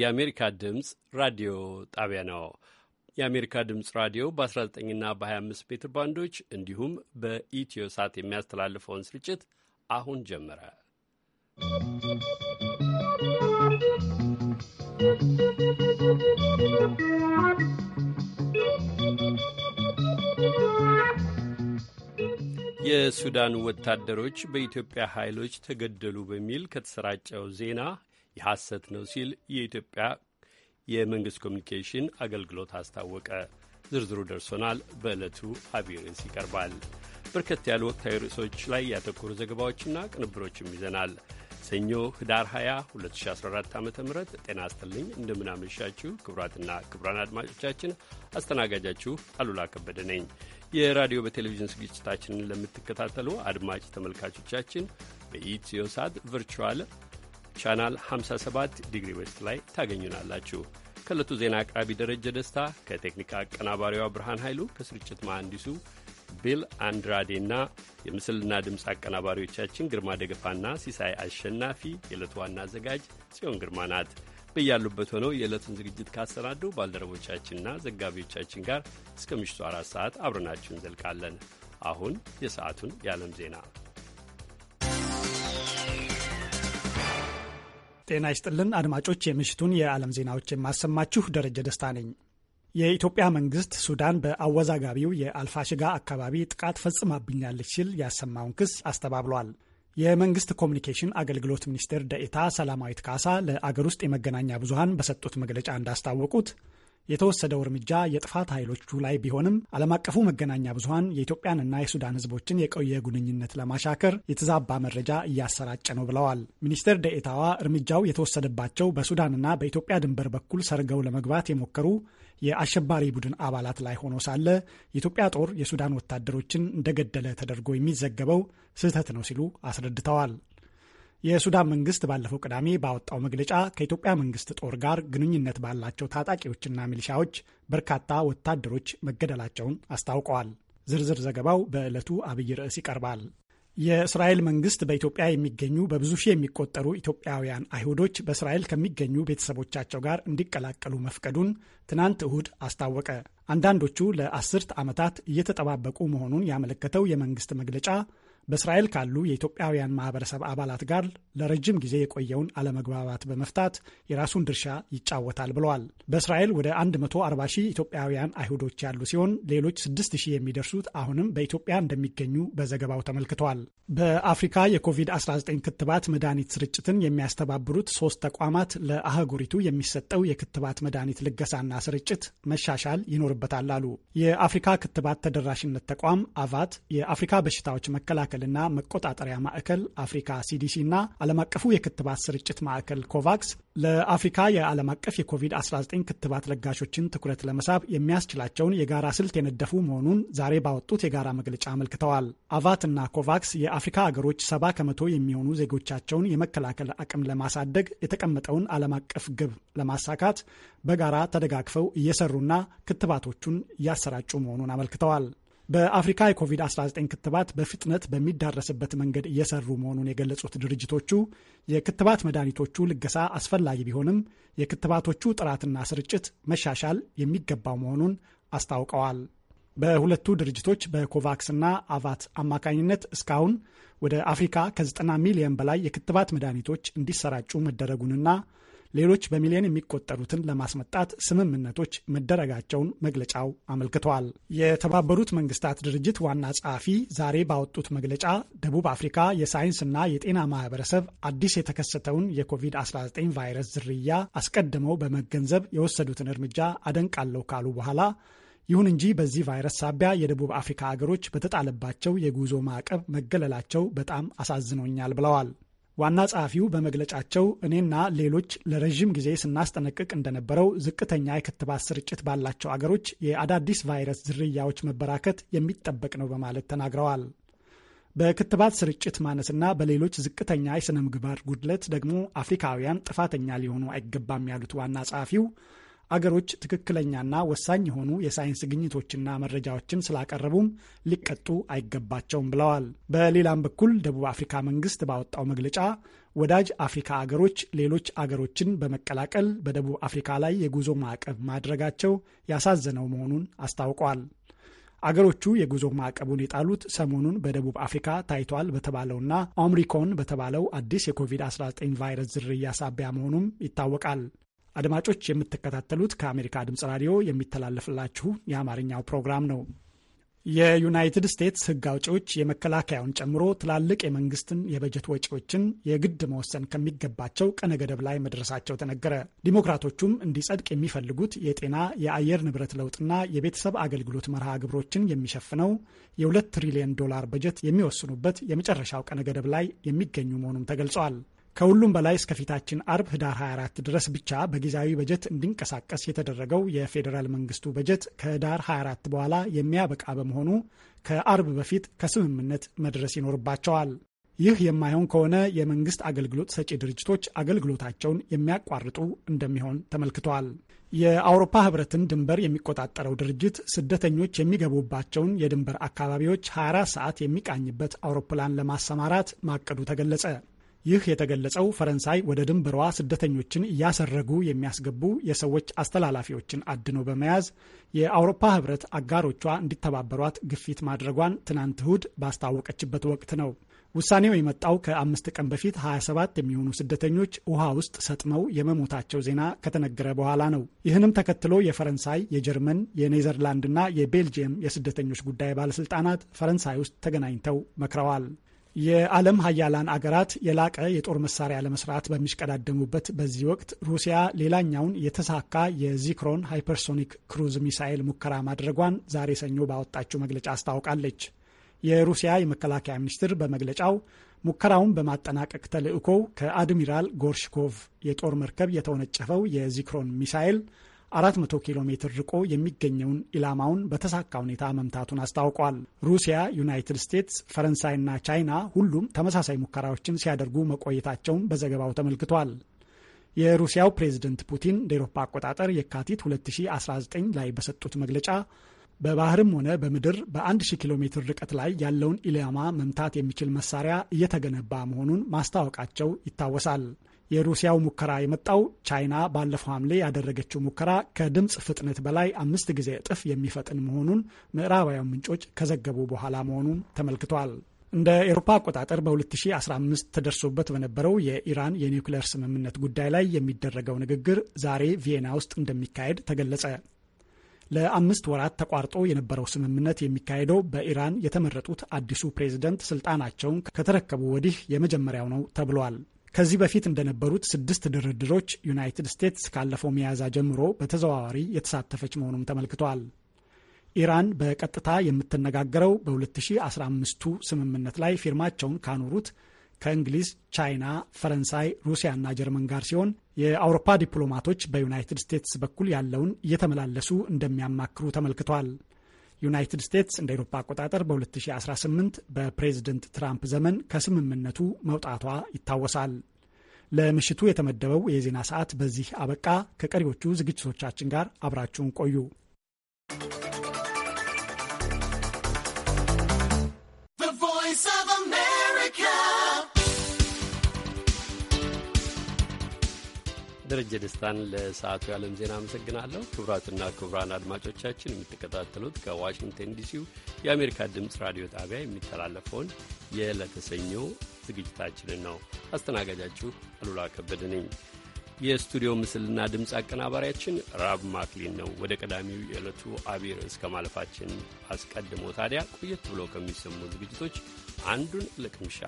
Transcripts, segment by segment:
የአሜሪካ ድምፅ ራዲዮ ጣቢያ ነው። የአሜሪካ ድምፅ ራዲዮ በ19ና በ25 ሜትር ባንዶች እንዲሁም በኢትዮ ሳት የሚያስተላልፈውን ስርጭት አሁን ጀመረ። የሱዳን ወታደሮች በኢትዮጵያ ኃይሎች ተገደሉ በሚል ከተሰራጨው ዜና የሐሰት ነው ሲል የኢትዮጵያ የመንግስት ኮሚኒኬሽን አገልግሎት አስታወቀ። ዝርዝሩ ደርሶናል። በዕለቱ አብይ ይቀርባል። በርከት ያሉ ወቅታዊ ርዕሶች ላይ ያተኮሩ ዘገባዎችና ቅንብሮችም ይዘናል። ሰኞ ህዳር 20 2014 ዓ ም ጤና ይስጥልኝ። እንደምናመሻችሁ ክቡራትና ክቡራን አድማጮቻችን አስተናጋጃችሁ አሉላ ከበደ ነኝ። የራዲዮ በቴሌቪዥን ዝግጅታችንን ለምትከታተሉ አድማጭ ተመልካቾቻችን በኢትዮ ሳት ቨርቹዋል ቻናል 57 ዲግሪ ዌስት ላይ ታገኙናላችሁ። ከእለቱ ዜና አቅራቢ ደረጀ ደስታ ከቴክኒክ አቀናባሪዋ ብርሃን ኃይሉ ከስርጭት መሐንዲሱ ቢል አንድራዴ እና የምስልና ድምፅ አቀናባሪዎቻችን ግርማ ደገፋና ሲሳይ አሸናፊ፣ የዕለቱ ዋና አዘጋጅ ጽዮን ግርማ ናት። በያሉበት ሆነው የዕለቱን ዝግጅት ካሰናዱ ባልደረቦቻችንና ዘጋቢዎቻችን ጋር እስከ ምሽቱ አራት ሰዓት አብረናችሁ እንዘልቃለን። አሁን የሰዓቱን የዓለም ዜና ጤና ይስጥልን አድማጮች፣ የምሽቱን የዓለም ዜናዎች የማሰማችሁ ደረጀ ደስታ ነኝ። የኢትዮጵያ መንግስት ሱዳን በአወዛጋቢው የአልፋሽጋ አካባቢ ጥቃት ፈጽማብኛለች ሲል ያሰማውን ክስ አስተባብሏል። የመንግስት ኮሚኒኬሽን አገልግሎት ሚኒስቴር ደኤታ ሰላማዊት ካሳ ለአገር ውስጥ የመገናኛ ብዙሃን በሰጡት መግለጫ እንዳስታወቁት የተወሰደው እርምጃ የጥፋት ኃይሎቹ ላይ ቢሆንም ዓለም አቀፉ መገናኛ ብዙኃን የኢትዮጵያንና የሱዳን ህዝቦችን የቆየ ጉንኙነት ለማሻከር የተዛባ መረጃ እያሰራጨ ነው ብለዋል። ሚኒስትር ደኤታዋ እርምጃው የተወሰደባቸው በሱዳንና በኢትዮጵያ ድንበር በኩል ሰርገው ለመግባት የሞከሩ የአሸባሪ ቡድን አባላት ላይ ሆኖ ሳለ የኢትዮጵያ ጦር የሱዳን ወታደሮችን እንደገደለ ተደርጎ የሚዘገበው ስህተት ነው ሲሉ አስረድተዋል። የሱዳን መንግስት ባለፈው ቅዳሜ ባወጣው መግለጫ ከኢትዮጵያ መንግስት ጦር ጋር ግንኙነት ባላቸው ታጣቂዎችና ሚሊሻዎች በርካታ ወታደሮች መገደላቸውን አስታውቀዋል። ዝርዝር ዘገባው በዕለቱ አብይ ርዕስ ይቀርባል። የእስራኤል መንግስት በኢትዮጵያ የሚገኙ በብዙ ሺህ የሚቆጠሩ ኢትዮጵያውያን አይሁዶች በእስራኤል ከሚገኙ ቤተሰቦቻቸው ጋር እንዲቀላቀሉ መፍቀዱን ትናንት እሁድ አስታወቀ። አንዳንዶቹ ለአስርት ዓመታት እየተጠባበቁ መሆኑን ያመለከተው የመንግስት መግለጫ በእስራኤል ካሉ የኢትዮጵያውያን ማህበረሰብ አባላት ጋር ለረጅም ጊዜ የቆየውን አለመግባባት በመፍታት የራሱን ድርሻ ይጫወታል ብለዋል። በእስራኤል ወደ 140 ሺህ ኢትዮጵያውያን አይሁዶች ያሉ ሲሆን ሌሎች 6 ሺህ የሚደርሱት አሁንም በኢትዮጵያ እንደሚገኙ በዘገባው ተመልክተዋል። በአፍሪካ የኮቪድ-19 ክትባት መድኃኒት ስርጭትን የሚያስተባብሩት ሶስት ተቋማት ለአህጉሪቱ የሚሰጠው የክትባት መድኃኒት ልገሳና ስርጭት መሻሻል ይኖርበታል አሉ። የአፍሪካ ክትባት ተደራሽነት ተቋም አቫት፣ የአፍሪካ በሽታዎች መከላከል መከላከልና መቆጣጠሪያ ማዕከል አፍሪካ ሲዲሲ እና ዓለም አቀፉ የክትባት ስርጭት ማዕከል ኮቫክስ ለአፍሪካ የዓለም አቀፍ የኮቪድ-19 ክትባት ለጋሾችን ትኩረት ለመሳብ የሚያስችላቸውን የጋራ ስልት የነደፉ መሆኑን ዛሬ ባወጡት የጋራ መግለጫ አመልክተዋል። አቫት እና ኮቫክስ የአፍሪካ አገሮች ሰባ ከመቶ የሚሆኑ ዜጎቻቸውን የመከላከል አቅም ለማሳደግ የተቀመጠውን ዓለም አቀፍ ግብ ለማሳካት በጋራ ተደጋግፈው እየሰሩና ክትባቶቹን እያሰራጩ መሆኑን አመልክተዋል። በአፍሪካ የኮቪድ-19 ክትባት በፍጥነት በሚዳረስበት መንገድ እየሰሩ መሆኑን የገለጹት ድርጅቶቹ የክትባት መድኃኒቶቹ ልገሳ አስፈላጊ ቢሆንም የክትባቶቹ ጥራትና ስርጭት መሻሻል የሚገባው መሆኑን አስታውቀዋል። በሁለቱ ድርጅቶች በኮቫክስ ና አቫት አማካኝነት እስካሁን ወደ አፍሪካ ከ90 ሚሊዮን በላይ የክትባት መድኃኒቶች እንዲሰራጩ መደረጉንና ሌሎች በሚሊዮን የሚቆጠሩትን ለማስመጣት ስምምነቶች መደረጋቸውን መግለጫው አመልክተዋል። የተባበሩት መንግስታት ድርጅት ዋና ጸሐፊ ዛሬ ባወጡት መግለጫ ደቡብ አፍሪካ የሳይንስና የጤና ማህበረሰብ አዲስ የተከሰተውን የኮቪድ-19 ቫይረስ ዝርያ አስቀድመው በመገንዘብ የወሰዱትን እርምጃ አደንቃለሁ ካሉ በኋላ ይሁን እንጂ በዚህ ቫይረስ ሳቢያ የደቡብ አፍሪካ አገሮች በተጣለባቸው የጉዞ ማዕቀብ መገለላቸው በጣም አሳዝኖኛል ብለዋል። ዋና ጸሐፊው በመግለጫቸው እኔና ሌሎች ለረዥም ጊዜ ስናስጠነቅቅ እንደነበረው ዝቅተኛ የክትባት ስርጭት ባላቸው አገሮች የአዳዲስ ቫይረስ ዝርያዎች መበራከት የሚጠበቅ ነው በማለት ተናግረዋል። በክትባት ስርጭት ማነስና በሌሎች ዝቅተኛ የሥነ ምግባር ጉድለት ደግሞ አፍሪካውያን ጥፋተኛ ሊሆኑ አይገባም ያሉት ዋና ጸሐፊው አገሮች ትክክለኛና ወሳኝ የሆኑ የሳይንስ ግኝቶችና መረጃዎችን ስላቀረቡም ሊቀጡ አይገባቸውም ብለዋል። በሌላም በኩል ደቡብ አፍሪካ መንግስት ባወጣው መግለጫ ወዳጅ አፍሪካ አገሮች ሌሎች አገሮችን በመቀላቀል በደቡብ አፍሪካ ላይ የጉዞ ማዕቀብ ማድረጋቸው ያሳዘነው መሆኑን አስታውቋል። አገሮቹ የጉዞ ማዕቀቡን የጣሉት ሰሞኑን በደቡብ አፍሪካ ታይቷል በተባለውና ኦምሪኮን በተባለው አዲስ የኮቪድ-19 ቫይረስ ዝርያ ሳቢያ መሆኑም ይታወቃል። አድማጮች የምትከታተሉት ከአሜሪካ ድምፅ ራዲዮ የሚተላለፍላችሁ የአማርኛው ፕሮግራም ነው። የዩናይትድ ስቴትስ ሕግ አውጪዎች የመከላከያውን ጨምሮ ትላልቅ የመንግስትን የበጀት ወጪዎችን የግድ መወሰን ከሚገባቸው ቀነ ገደብ ላይ መድረሳቸው ተነገረ። ዲሞክራቶቹም እንዲጸድቅ የሚፈልጉት የጤና የአየር ንብረት ለውጥና የቤተሰብ አገልግሎት መርሃ ግብሮችን የሚሸፍነው የሁለት ትሪሊየን ዶላር በጀት የሚወስኑበት የመጨረሻው ቀነ ገደብ ላይ የሚገኙ መሆኑም ተገልጸዋል። ከሁሉም በላይ እስከ ፊታችን አርብ ህዳር 24 ድረስ ብቻ በጊዜያዊ በጀት እንዲንቀሳቀስ የተደረገው የፌዴራል መንግስቱ በጀት ከህዳር 24 በኋላ የሚያበቃ በመሆኑ ከአርብ በፊት ከስምምነት መድረስ ይኖርባቸዋል። ይህ የማይሆን ከሆነ የመንግስት አገልግሎት ሰጪ ድርጅቶች አገልግሎታቸውን የሚያቋርጡ እንደሚሆን ተመልክቷል። የአውሮፓ ህብረትን ድንበር የሚቆጣጠረው ድርጅት ስደተኞች የሚገቡባቸውን የድንበር አካባቢዎች 24 ሰዓት የሚቃኝበት አውሮፕላን ለማሰማራት ማቀዱ ተገለጸ። ይህ የተገለጸው ፈረንሳይ ወደ ድንበሯ ስደተኞችን እያሰረጉ የሚያስገቡ የሰዎች አስተላላፊዎችን አድኖ በመያዝ የአውሮፓ ህብረት አጋሮቿ እንዲተባበሯት ግፊት ማድረጓን ትናንት እሁድ ባስታወቀችበት ወቅት ነው። ውሳኔው የመጣው ከአምስት ቀን በፊት 27 የሚሆኑ ስደተኞች ውሃ ውስጥ ሰጥመው የመሞታቸው ዜና ከተነገረ በኋላ ነው። ይህንም ተከትሎ የፈረንሳይ፣ የጀርመን፣ የኔዘርላንድና የቤልጅየም የስደተኞች ጉዳይ ባለስልጣናት ፈረንሳይ ውስጥ ተገናኝተው መክረዋል። የዓለም ሀያላን አገራት የላቀ የጦር መሳሪያ ለመስራት በሚሽቀዳደሙበት በዚህ ወቅት ሩሲያ ሌላኛውን የተሳካ የዚክሮን ሃይፐርሶኒክ ክሩዝ ሚሳኤል ሙከራ ማድረጓን ዛሬ ሰኞ ባወጣችው መግለጫ አስታውቃለች። የሩሲያ የመከላከያ ሚኒስትር በመግለጫው ሙከራውን በማጠናቀቅ ተልዕኮው ከአድሚራል ጎርሽኮቭ የጦር መርከብ የተወነጨፈው የዚክሮን ሚሳኤል 400 ኪሎ ሜትር ርቆ የሚገኘውን ኢላማውን በተሳካ ሁኔታ መምታቱን አስታውቋል። ሩሲያ፣ ዩናይትድ ስቴትስ፣ ፈረንሳይና ቻይና ሁሉም ተመሳሳይ ሙከራዎችን ሲያደርጉ መቆየታቸውን በዘገባው ተመልክቷል። የሩሲያው ፕሬዝደንት ፑቲን እንደ ኤሮፓ አቆጣጠር የካቲት 2019 ላይ በሰጡት መግለጫ በባህርም ሆነ በምድር በ1000 ኪሎ ሜትር ርቀት ላይ ያለውን ኢላማ መምታት የሚችል መሳሪያ እየተገነባ መሆኑን ማስታወቃቸው ይታወሳል። የሩሲያው ሙከራ የመጣው ቻይና ባለፈው ሐምሌ ያደረገችው ሙከራ ከድምፅ ፍጥነት በላይ አምስት ጊዜ እጥፍ የሚፈጥን መሆኑን ምዕራባውያን ምንጮች ከዘገቡ በኋላ መሆኑን ተመልክቷል። እንደ ኤሮፓ አቆጣጠር በ2015 ተደርሶበት በነበረው የኢራን የኒውክሌር ስምምነት ጉዳይ ላይ የሚደረገው ንግግር ዛሬ ቪየና ውስጥ እንደሚካሄድ ተገለጸ። ለአምስት ወራት ተቋርጦ የነበረው ስምምነት የሚካሄደው በኢራን የተመረጡት አዲሱ ፕሬዝደንት ስልጣናቸውን ከተረከቡ ወዲህ የመጀመሪያው ነው ተብሏል። ከዚህ በፊት እንደነበሩት ስድስት ድርድሮች ዩናይትድ ስቴትስ ካለፈው መያዛ ጀምሮ በተዘዋዋሪ የተሳተፈች መሆኑም ተመልክቷል። ኢራን በቀጥታ የምትነጋገረው በ2015ቱ ስምምነት ላይ ፊርማቸውን ካኖሩት ከእንግሊዝ፣ ቻይና፣ ፈረንሳይ፣ ሩሲያና ጀርመን ጋር ሲሆን የአውሮፓ ዲፕሎማቶች በዩናይትድ ስቴትስ በኩል ያለውን እየተመላለሱ እንደሚያማክሩ ተመልክቷል። ዩናይትድ ስቴትስ እንደ ኤሮፓ አቆጣጠር በ2018 በፕሬዝደንት ትራምፕ ዘመን ከስምምነቱ መውጣቷ ይታወሳል። ለምሽቱ የተመደበው የዜና ሰዓት በዚህ አበቃ። ከቀሪዎቹ ዝግጅቶቻችን ጋር አብራችሁን ቆዩ። ደረጀ ደስታን ለሰዓቱ የዓለም ዜና አመሰግናለሁ። ክቡራትና ክቡራን አድማጮቻችን የምትከታተሉት ከዋሽንግተን ዲሲው የአሜሪካ ድምፅ ራዲዮ ጣቢያ የሚተላለፈውን የለተሰኞ ዝግጅታችንን ነው። አስተናጋጃችሁ አሉላ ከበደ ነኝ። የስቱዲዮ ምስልና ድምፅ አቀናባሪያችን ራብ ማክሊን ነው። ወደ ቀዳሚው የዕለቱ አቢይ ርዕስ ከማለፋችን አስቀድሞ ታዲያ ቆየት ብሎ ከሚሰሙ ዝግጅቶች አንዱን ለቅምሻ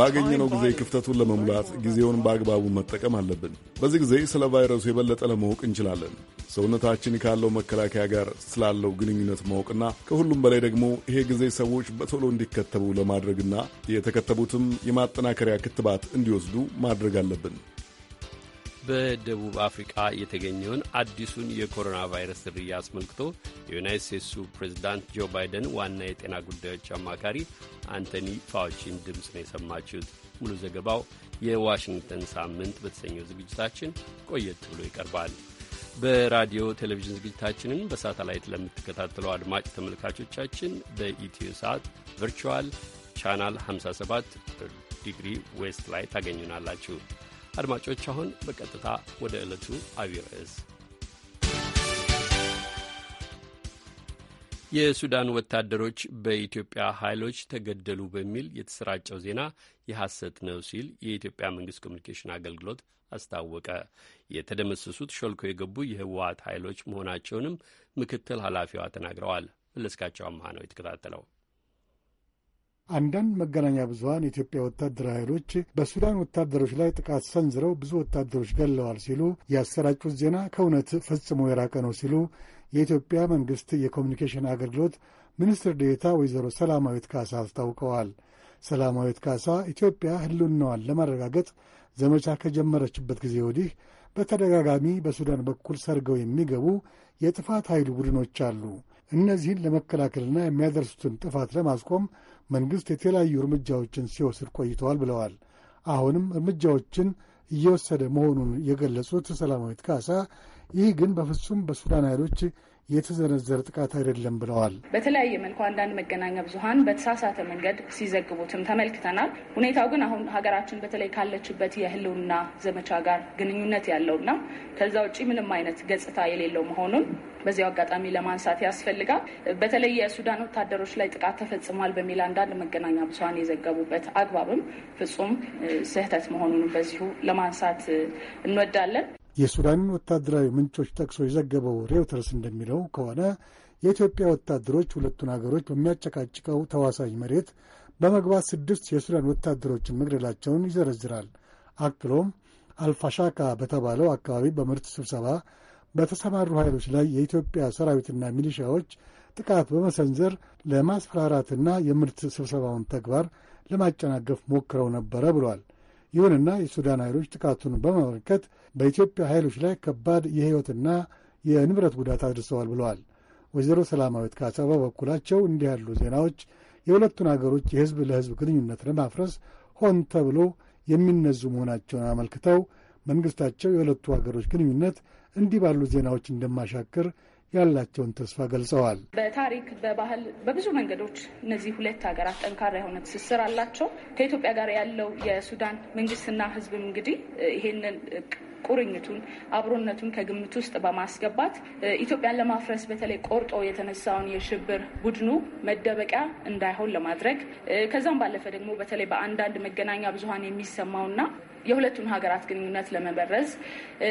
ባገኘነው ጊዜ ክፍተቱን ለመሙላት ጊዜውን በአግባቡ መጠቀም አለብን። በዚህ ጊዜ ስለ ቫይረሱ የበለጠ ለማወቅ እንችላለን። ሰውነታችን ካለው መከላከያ ጋር ስላለው ግንኙነት ማወቅና ከሁሉም በላይ ደግሞ ይሄ ጊዜ ሰዎች በቶሎ እንዲከተቡ ለማድረግና የተከተቡትም የማጠናከሪያ ክትባት እንዲወስዱ ማድረግ አለብን። በደቡብ አፍሪቃ የተገኘውን አዲሱን የኮሮና ቫይረስ ዝርያ አስመልክቶ የዩናይት ስቴትሱ ፕሬዚዳንት ጆ ባይደን ዋና የጤና ጉዳዮች አማካሪ አንቶኒ ፋውቺን ድምፅ ነው የሰማችሁት። ሙሉ ዘገባው የዋሽንግተን ሳምንት በተሰኘው ዝግጅታችን ቆየት ብሎ ይቀርባል። በራዲዮ ቴሌቪዥን ዝግጅታችንን በሳተላይት ለምትከታተለው አድማጭ ተመልካቾቻችን በኢትዮ ሰዓት ቨርቹዋል ቻናል 57 ዲግሪ ዌስት ላይ ታገኙናላችሁ። አድማጮች አሁን በቀጥታ ወደ ዕለቱ አብይ ርዕስ የሱዳን ወታደሮች በኢትዮጵያ ኃይሎች ተገደሉ በሚል የተሰራጨው ዜና የሐሰት ነው ሲል የኢትዮጵያ መንግስት ኮሚኒኬሽን አገልግሎት አስታወቀ። የተደመሰሱት ሾልኮ የገቡ የህወሓት ኃይሎች መሆናቸውንም ምክትል ኃላፊዋ ተናግረዋል። መለስካቸው አምሃ ነው የተከታተለው። አንዳንድ መገናኛ ብዙሀን የኢትዮጵያ ወታደራዊ ኃይሎች በሱዳን ወታደሮች ላይ ጥቃት ሰንዝረው ብዙ ወታደሮች ገለዋል ሲሉ ያሰራጩት ዜና ከእውነት ፈጽሞ የራቀ ነው ሲሉ የኢትዮጵያ መንግስት የኮሚኒኬሽን አገልግሎት ሚኒስትር ዴታ ወይዘሮ ሰላማዊት ካሳ አስታውቀዋል። ሰላማዊት ካሳ ኢትዮጵያ ህልውናዋን ለማረጋገጥ ዘመቻ ከጀመረችበት ጊዜ ወዲህ በተደጋጋሚ በሱዳን በኩል ሰርገው የሚገቡ የጥፋት ኃይሉ ቡድኖች አሉ። እነዚህን ለመከላከልና የሚያደርሱትን ጥፋት ለማስቆም መንግሥት የተለያዩ እርምጃዎችን ሲወስድ ቆይተዋል ብለዋል። አሁንም እርምጃዎችን እየወሰደ መሆኑን የገለጹት ሰላማዊት ካሳ ይህ ግን በፍጹም በሱዳን ኃይሎች የተዘነዘረ ጥቃት አይደለም ብለዋል። በተለያየ መልኩ አንዳንድ መገናኛ ብዙኃን በተሳሳተ መንገድ ሲዘግቡትም ተመልክተናል። ሁኔታው ግን አሁን ሀገራችን በተለይ ካለችበት የህልውና ዘመቻ ጋር ግንኙነት ያለውና ከዛ ውጭ ምንም አይነት ገጽታ የሌለው መሆኑን በዚያው አጋጣሚ ለማንሳት ያስፈልጋል። በተለይ የሱዳን ወታደሮች ላይ ጥቃት ተፈጽሟል በሚል አንዳንድ መገናኛ ብዙኃን የዘገቡበት አግባብም ፍጹም ስህተት መሆኑንም በዚሁ ለማንሳት እንወዳለን። የሱዳንን ወታደራዊ ምንጮች ጠቅሶ የዘገበው ሬውተርስ እንደሚለው ከሆነ የኢትዮጵያ ወታደሮች ሁለቱን አገሮች በሚያጨቃጭቀው ተዋሳኝ መሬት በመግባት ስድስት የሱዳን ወታደሮችን መግደላቸውን ይዘረዝራል። አክሎም አልፋሻካ በተባለው አካባቢ በምርት ስብሰባ በተሰማሩ ኃይሎች ላይ የኢትዮጵያ ሰራዊትና ሚሊሻዎች ጥቃት በመሰንዘር ለማስፈራራትና የምርት ስብሰባውን ተግባር ለማጨናገፍ ሞክረው ነበረ ብሏል። ይሁንና የሱዳን ኃይሎች ጥቃቱን በመመልከት በኢትዮጵያ ኃይሎች ላይ ከባድ የሕይወትና የንብረት ጉዳት አድርሰዋል ብለዋል። ወይዘሮ ሰላማዊት ካሳ በበኩላቸው እንዲህ ያሉ ዜናዎች የሁለቱን አገሮች የሕዝብ ለሕዝብ ግንኙነት ለማፍረስ ሆን ተብሎ የሚነዙ መሆናቸውን አመልክተው መንግሥታቸው የሁለቱ አገሮች ግንኙነት እንዲህ ባሉ ዜናዎች እንደማሻክር ያላቸውን ተስፋ ገልጸዋል። በታሪክ በባህል፣ በብዙ መንገዶች እነዚህ ሁለት ሀገራት ጠንካራ የሆነ ትስስር አላቸው። ከኢትዮጵያ ጋር ያለው የሱዳን መንግስትና ህዝብም እንግዲህ ይሄንን ቁርኝቱን አብሮነቱን ከግምት ውስጥ በማስገባት ኢትዮጵያን ለማፍረስ በተለይ ቆርጦ የተነሳውን የሽብር ቡድኑ መደበቂያ እንዳይሆን ለማድረግ ከዛም ባለፈ ደግሞ በተለይ በአንዳንድ መገናኛ ብዙኃን የሚሰማውና የሁለቱን ሀገራት ግንኙነት ለመበረዝ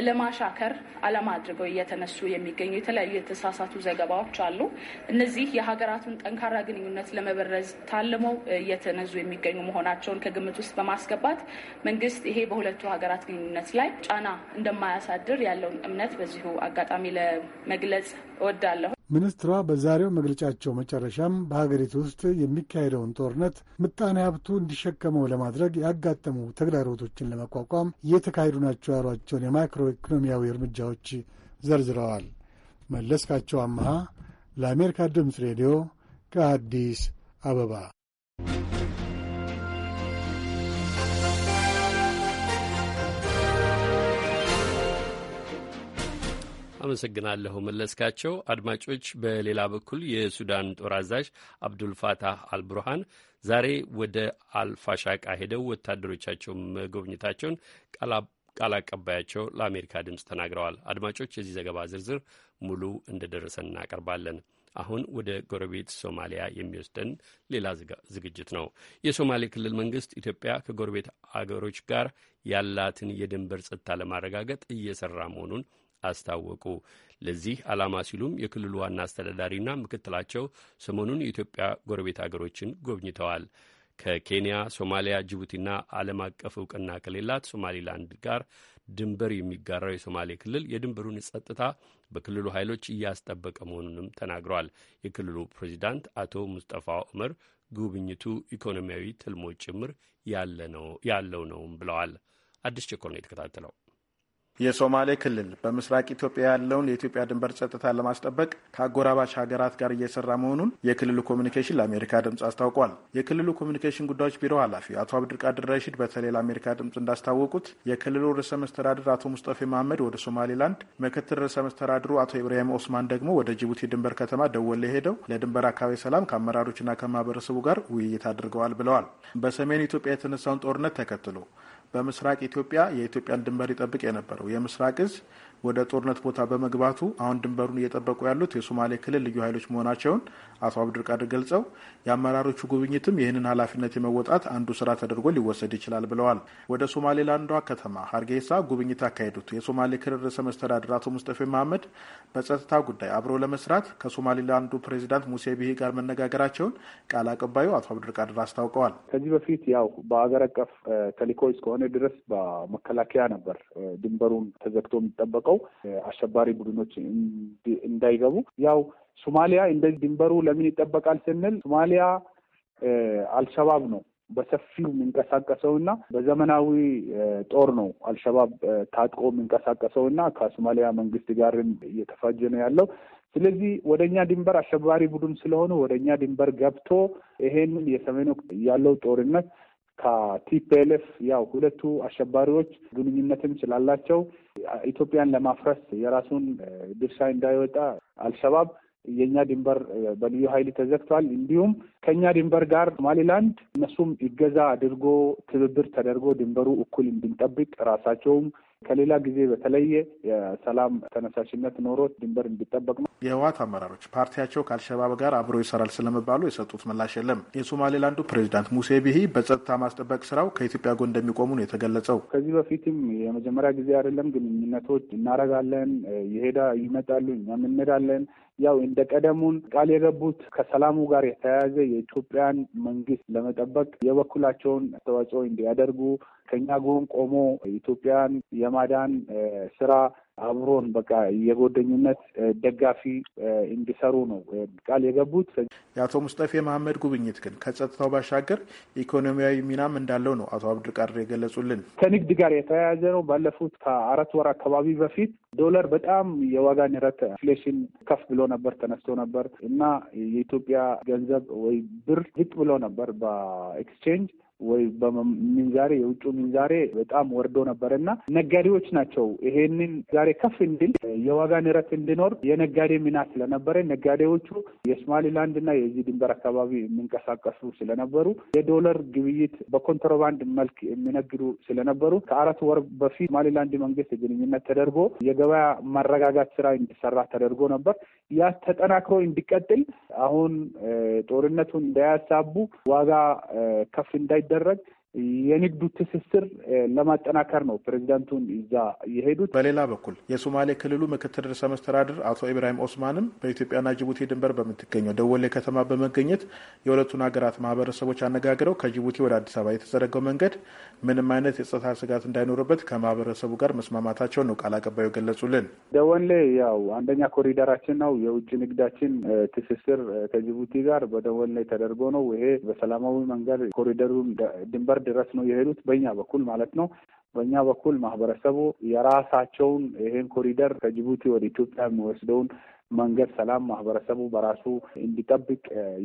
ለማሻከር አላማ አድርገው እየተነሱ የሚገኙ የተለያዩ የተሳሳቱ ዘገባዎች አሉ። እነዚህ የሀገራቱን ጠንካራ ግንኙነት ለመበረዝ ታልመው እየተነዙ የሚገኙ መሆናቸውን ከግምት ውስጥ በማስገባት መንግስት ይሄ በሁለቱ ሀገራት ግንኙነት ላይ ጫና እንደማያሳድር ያለውን እምነት በዚሁ አጋጣሚ ለመግለጽ እወዳለሁ። ሚኒስትሯ በዛሬው መግለጫቸው መጨረሻም በሀገሪቱ ውስጥ የሚካሄደውን ጦርነት ምጣኔ ሀብቱ እንዲሸከመው ለማድረግ ያጋጠሙ ተግዳሮቶችን ለመቋቋም እየተካሄዱ ናቸው ያሏቸውን የማይክሮ ኢኮኖሚያዊ እርምጃዎች ዘርዝረዋል። መለስካቸው አመሃ ለአሜሪካ ድምፅ ሬዲዮ ከአዲስ አበባ አመሰግናለሁ መለስካቸው። አድማጮች፣ በሌላ በኩል የሱዳን ጦር አዛዥ አብዱልፋታህ አልቡርሃን ዛሬ ወደ አልፋሻቃ ሄደው ወታደሮቻቸው መጎብኘታቸውን ቃል አቀባያቸው ለአሜሪካ ድምፅ ተናግረዋል። አድማጮች፣ የዚህ ዘገባ ዝርዝር ሙሉ እንደደረሰን እናቀርባለን። አሁን ወደ ጎረቤት ሶማሊያ የሚወስደን ሌላ ዝግጅት ነው። የሶማሌ ክልል መንግስት ኢትዮጵያ ከጎረቤት አገሮች ጋር ያላትን የድንበር ጸጥታ ለማረጋገጥ እየሰራ መሆኑን አስታወቁ። ለዚህ ዓላማ ሲሉም የክልሉ ዋና አስተዳዳሪና ምክትላቸው ሰሞኑን የኢትዮጵያ ጎረቤት አገሮችን ጎብኝተዋል። ከኬንያ፣ ሶማሊያ፣ ጅቡቲና ዓለም አቀፍ እውቅና ከሌላት ሶማሊላንድ ጋር ድንበር የሚጋራው የሶማሌ ክልል የድንበሩን ጸጥታ በክልሉ ኃይሎች እያስጠበቀ መሆኑንም ተናግሯል። የክልሉ ፕሬዚዳንት አቶ ሙስጠፋ ዑመር ጉብኝቱ ኢኮኖሚያዊ ትልሞች ጭምር ያለው ነውም ብለዋል። አዲስ ቸኮል ነው የተከታተለው። የሶማሌ ክልል በምስራቅ ኢትዮጵያ ያለውን የኢትዮጵያ ድንበር ጸጥታ ለማስጠበቅ ከአጎራባች ሀገራት ጋር እየሰራ መሆኑን የክልሉ ኮሚኒኬሽን ለአሜሪካ ድምፅ አስታውቋል። የክልሉ ኮሚኒኬሽን ጉዳዮች ቢሮ ኃላፊ አቶ አብድርቃድር ረሺድ በተለይ ለአሜሪካ ድምፅ እንዳስታወቁት የክልሉ ርዕሰ መስተዳድር አቶ ሙስጠፌ መሀመድ ወደ ሶማሌላንድ፣ ምክትል ርዕሰ መስተዳድሩ አቶ ኢብራሂም ኦስማን ደግሞ ወደ ጅቡቲ ድንበር ከተማ ደወሌ ሄደው ለድንበር አካባቢ ሰላም ከአመራሮችና ከማህበረሰቡ ጋር ውይይት አድርገዋል ብለዋል። በሰሜን ኢትዮጵያ የተነሳውን ጦርነት ተከትሎ በምስራቅ ኢትዮጵያ የኢትዮጵያን ድንበር ይጠብቅ የነበረው የምስራቅ እዝ ወደ ጦርነት ቦታ በመግባቱ አሁን ድንበሩን እየጠበቁ ያሉት የሶማሌ ክልል ልዩ ኃይሎች መሆናቸውን አቶ አብዱልቃድር ገልጸው የአመራሮቹ ጉብኝትም ይህንን ኃላፊነት የመወጣት አንዱ ስራ ተደርጎ ሊወሰድ ይችላል ብለዋል። ወደ ሶማሌላንዷ ከተማ ሀርጌሳ ጉብኝት ያካሄዱት የሶማሌ ክልል ርዕሰ መስተዳድር አቶ ሙስጠፌ መሀመድ በጸጥታ ጉዳይ አብረው ለመስራት ከሶማሌላንዱ ፕሬዚዳንት ሙሴ ቢሂ ጋር መነጋገራቸውን ቃል አቀባዩ አቶ አብዱልቃድር አስታውቀዋል። ከዚህ በፊት ያው በአገር አቀፍ ተልዕኮ እስከሆነ ድረስ በመከላከያ ነበር ድንበሩን ተዘግቶ የሚጠበቀው አድርገው አሸባሪ ቡድኖች እንዳይገቡ ያው ሶማሊያ እንደዚህ ድንበሩ ለምን ይጠበቃል ስንል ሶማሊያ አልሸባብ ነው በሰፊው የሚንቀሳቀሰው እና በዘመናዊ ጦር ነው አልሸባብ ታጥቆ የሚንቀሳቀሰው እና ከሶማሊያ መንግስት ጋርም እየተፋጀ ነው ያለው። ስለዚህ ወደ እኛ ድንበር አሸባሪ ቡድን ስለሆኑ ወደ እኛ ድንበር ገብቶ ይሄንን የሰሜን ያለው ጦርነት ከቲፒኤልኤፍ ያው ሁለቱ አሸባሪዎች ግንኙነትም ስላላቸው ኢትዮጵያን ለማፍረስ የራሱን ድርሻ እንዳይወጣ አልሸባብ የእኛ ድንበር በልዩ ኃይል ተዘግቷል። እንዲሁም ከእኛ ድንበር ጋር ሶማሌላንድ እነሱም ይገዛ አድርጎ ትብብር ተደርጎ ድንበሩ እኩል እንድንጠብቅ ራሳቸውም ከሌላ ጊዜ በተለየ የሰላም ተነሳሽነት ኖሮት ድንበር እንዲጠበቅ ነው። የህወሓት አመራሮች ፓርቲያቸው ከአልሸባብ ጋር አብሮ ይሰራል ስለመባሉ የሰጡት ምላሽ የለም። የሶማሌላንዱ ፕሬዚዳንት ሙሴ ቢሂ በጸጥታ ማስጠበቅ ስራው ከኢትዮጵያ ጎን እንደሚቆሙ ነው የተገለጸው። ከዚህ በፊትም የመጀመሪያ ጊዜ አይደለም ግንኙነቶች እናረጋለን፣ ይሄዳ ይመጣሉ፣ እኛም እንሄዳለን ያው እንደ ቀደሙን ቃል የገቡት ከሰላሙ ጋር የተያያዘ የኢትዮጵያን መንግስት ለመጠበቅ የበኩላቸውን አስተዋጽኦ እንዲያደርጉ ከኛ ጎን ቆሞ ኢትዮጵያን የማዳን ስራ አብሮን በቃ የጎደኝነት ደጋፊ እንዲሰሩ ነው ቃል የገቡት። የአቶ ሙስጠፌ መሀመድ ጉብኝት ግን ከጸጥታው ባሻገር ኢኮኖሚያዊ ሚናም እንዳለው ነው አቶ አብዱልቃድር የገለጹልን። ከንግድ ጋር የተያያዘ ነው። ባለፉት ከአራት ወር አካባቢ በፊት ዶላር በጣም የዋጋ ንረት ኢንፍሌሽን ከፍ ብሎ ነበር ተነስቶ ነበር እና የኢትዮጵያ ገንዘብ ወይ ብር ዝቅ ብሎ ነበር በኤክስቼንጅ ወይ በምንዛሬ የውጭ ምንዛሬ በጣም ወርዶ ነበረ እና ነጋዴዎች ናቸው ይሄንን ዛሬ ከፍ እንድል የዋጋ ንረት እንዲኖር የነጋዴ ሚና ስለነበረ ነጋዴዎቹ የሶማሊላንድ እና የዚህ ድንበር አካባቢ የሚንቀሳቀሱ ስለነበሩ የዶለር ግብይት በኮንትሮባንድ መልክ የሚነግዱ ስለነበሩ ከአራት ወር በፊት ሶማሊላንድ መንግስት ግንኙነት ተደርጎ የገበያ ማረጋጋት ስራ እንዲሰራ ተደርጎ ነበር። ያ ተጠናክሮ እንዲቀጥል አሁን ጦርነቱን እንዳያሳቡ ዋጋ ከፍ እንዳይ ሳይደረግ የንግዱ ትስስር ለማጠናከር ነው ፕሬዚዳንቱን ይዛ የሄዱት። በሌላ በኩል የሶማሌ ክልሉ ምክትል ርዕሰ መስተዳድር አቶ ኢብራሂም ኦስማንም በኢትዮጵያና ጅቡቲ ድንበር በምትገኘው ደወሌ ከተማ በመገኘት የሁለቱን ሀገራት ማህበረሰቦች አነጋግረው ከጅቡቲ ወደ አዲስ አበባ የተዘረገው መንገድ ምንም አይነት የጸጥታ ስጋት እንዳይኖርበት ከማህበረሰቡ ጋር መስማማታቸውን ነው ቃል አቀባዩ ገለጹልን። ደወሌ ያው አንደኛ ኮሪደራችን ነው። የውጭ ንግዳችን ትስስር ከጅቡቲ ጋር በደወሌ ተደርጎ ነው። ይሄ በሰላማዊ መንገድ ኮሪደሩን ድንበር ድረስ ነው የሄዱት። በእኛ በኩል ማለት ነው። በእኛ በኩል ማህበረሰቡ የራሳቸውን ይሄን ኮሪደር ከጅቡቲ ወደ ኢትዮጵያ የሚወስደውን መንገድ ሰላም ማህበረሰቡ በራሱ እንዲጠብቅ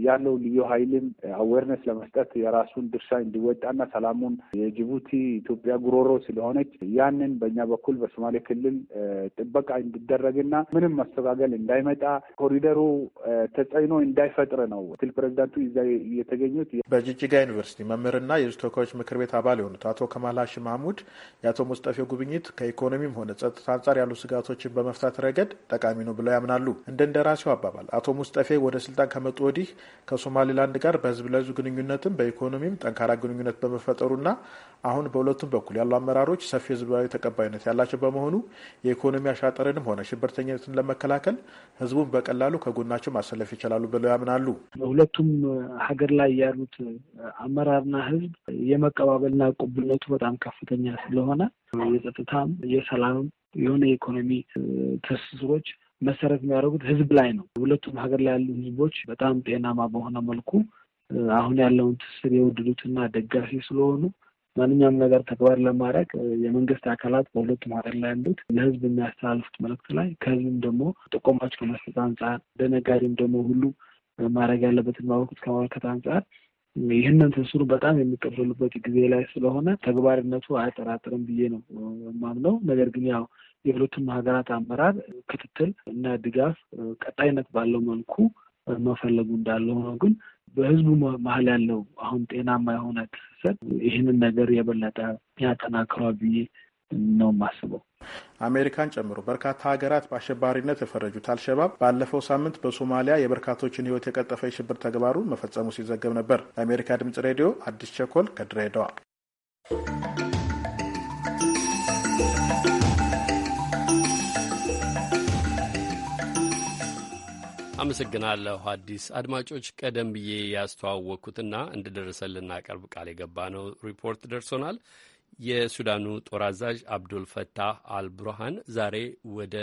ያለው ልዩ ኃይልም አዌርነስ ለመስጠት የራሱን ድርሻ እንዲወጣና ሰላሙን የጅቡቲ ኢትዮጵያ ጉሮሮ ስለሆነች ያንን በእኛ በኩል በሶማሌ ክልል ጥበቃ እንዲደረግና ምንም መስተጋገል እንዳይመጣ ኮሪደሩ ተጽዕኖ እንዳይፈጥር ነው ትል ፕሬዚዳንቱ ይዛ የተገኙት። በጅጅጋ ዩኒቨርሲቲ መምህርና የሕዝብ ተወካዮች ምክር ቤት አባል የሆኑት አቶ ከማል ሀሺም ማህሙድ የአቶ ሙስጠፌ ጉብኝት ከኢኮኖሚም ሆነ ጸጥታ አንጻር ያሉ ስጋቶችን በመፍታት ረገድ ጠቃሚ ነው ብለው ያምናሉ። እንደ እንደራሴው አባባል አቶ ሙስጠፌ ወደ ስልጣን ከመጡ ወዲህ ከሶማሌላንድ ጋር በህዝብ ለህዝብ ግንኙነትም በኢኮኖሚም ጠንካራ ግንኙነት በመፈጠሩና አሁን በሁለቱም በኩል ያሉ አመራሮች ሰፊ ህዝባዊ ተቀባይነት ያላቸው በመሆኑ የኢኮኖሚ አሻጠርንም ሆነ ሽብርተኝነትን ለመከላከል ህዝቡን በቀላሉ ከጎናቸው ማሰለፍ ይችላሉ ብለው ያምናሉ። በሁለቱም ሀገር ላይ ያሉት አመራርና ህዝብ የመቀባበልና ቁብነቱ በጣም ከፍተኛ ስለሆነ የጸጥታም የሰላምም የሆነ የኢኮኖሚ ትስስሮች መሰረት የሚያደርጉት ህዝብ ላይ ነው። ሁለቱም ሀገር ላይ ያሉ ህዝቦች በጣም ጤናማ በሆነ መልኩ አሁን ያለውን ትስስር የወደዱትና ደጋፊ ስለሆኑ ማንኛውም ነገር ተግባር ለማድረግ የመንግስት አካላት በሁለቱም ሀገር ላይ ያሉት ለህዝብ የሚያስተላልፉት መልእክት ላይ ከህዝብም ደግሞ ጥቆማዎች ከመስጠት አንጻር እንደነጋዴም ደግሞ ሁሉ ማድረግ ያለበትን ማወቅ ከማመልከት አንጻር ይህንን ትስሩ በጣም የሚቀበሉበት ጊዜ ላይ ስለሆነ ተግባርነቱ አያጠራጥርም ብዬ ነው ማምነው። ነገር ግን ያው የሁለቱም ሀገራት አመራር ክትትል እና ድጋፍ ቀጣይነት ባለው መልኩ መፈለጉ እንዳለ ሆኖ ግን በህዝቡ መሀል ያለው አሁን ጤናማ የሆነ ትስስር ይህንን ነገር የበለጠ ያጠናክሯ ብዬ ነው የማስበው። አሜሪካን ጨምሮ በርካታ ሀገራት በአሸባሪነት የፈረጁት አልሸባብ ባለፈው ሳምንት በሶማሊያ የበርካቶችን ህይወት የቀጠፈ የሽብር ተግባሩ መፈጸሙ ሲዘገብ ነበር። ለአሜሪካ ድምጽ ሬዲዮ አዲስ ቸኮል ከድሬዳዋ አመሰግናለሁ አዲስ። አድማጮች ቀደም ብዬ ያስተዋወቅኩትና እንደደረሰን ልናቀርብ ቃል የገባ ነው ሪፖርት ደርሶናል። የሱዳኑ ጦር አዛዥ አብዱል ፈታህ አልቡርሃን ዛሬ ወደ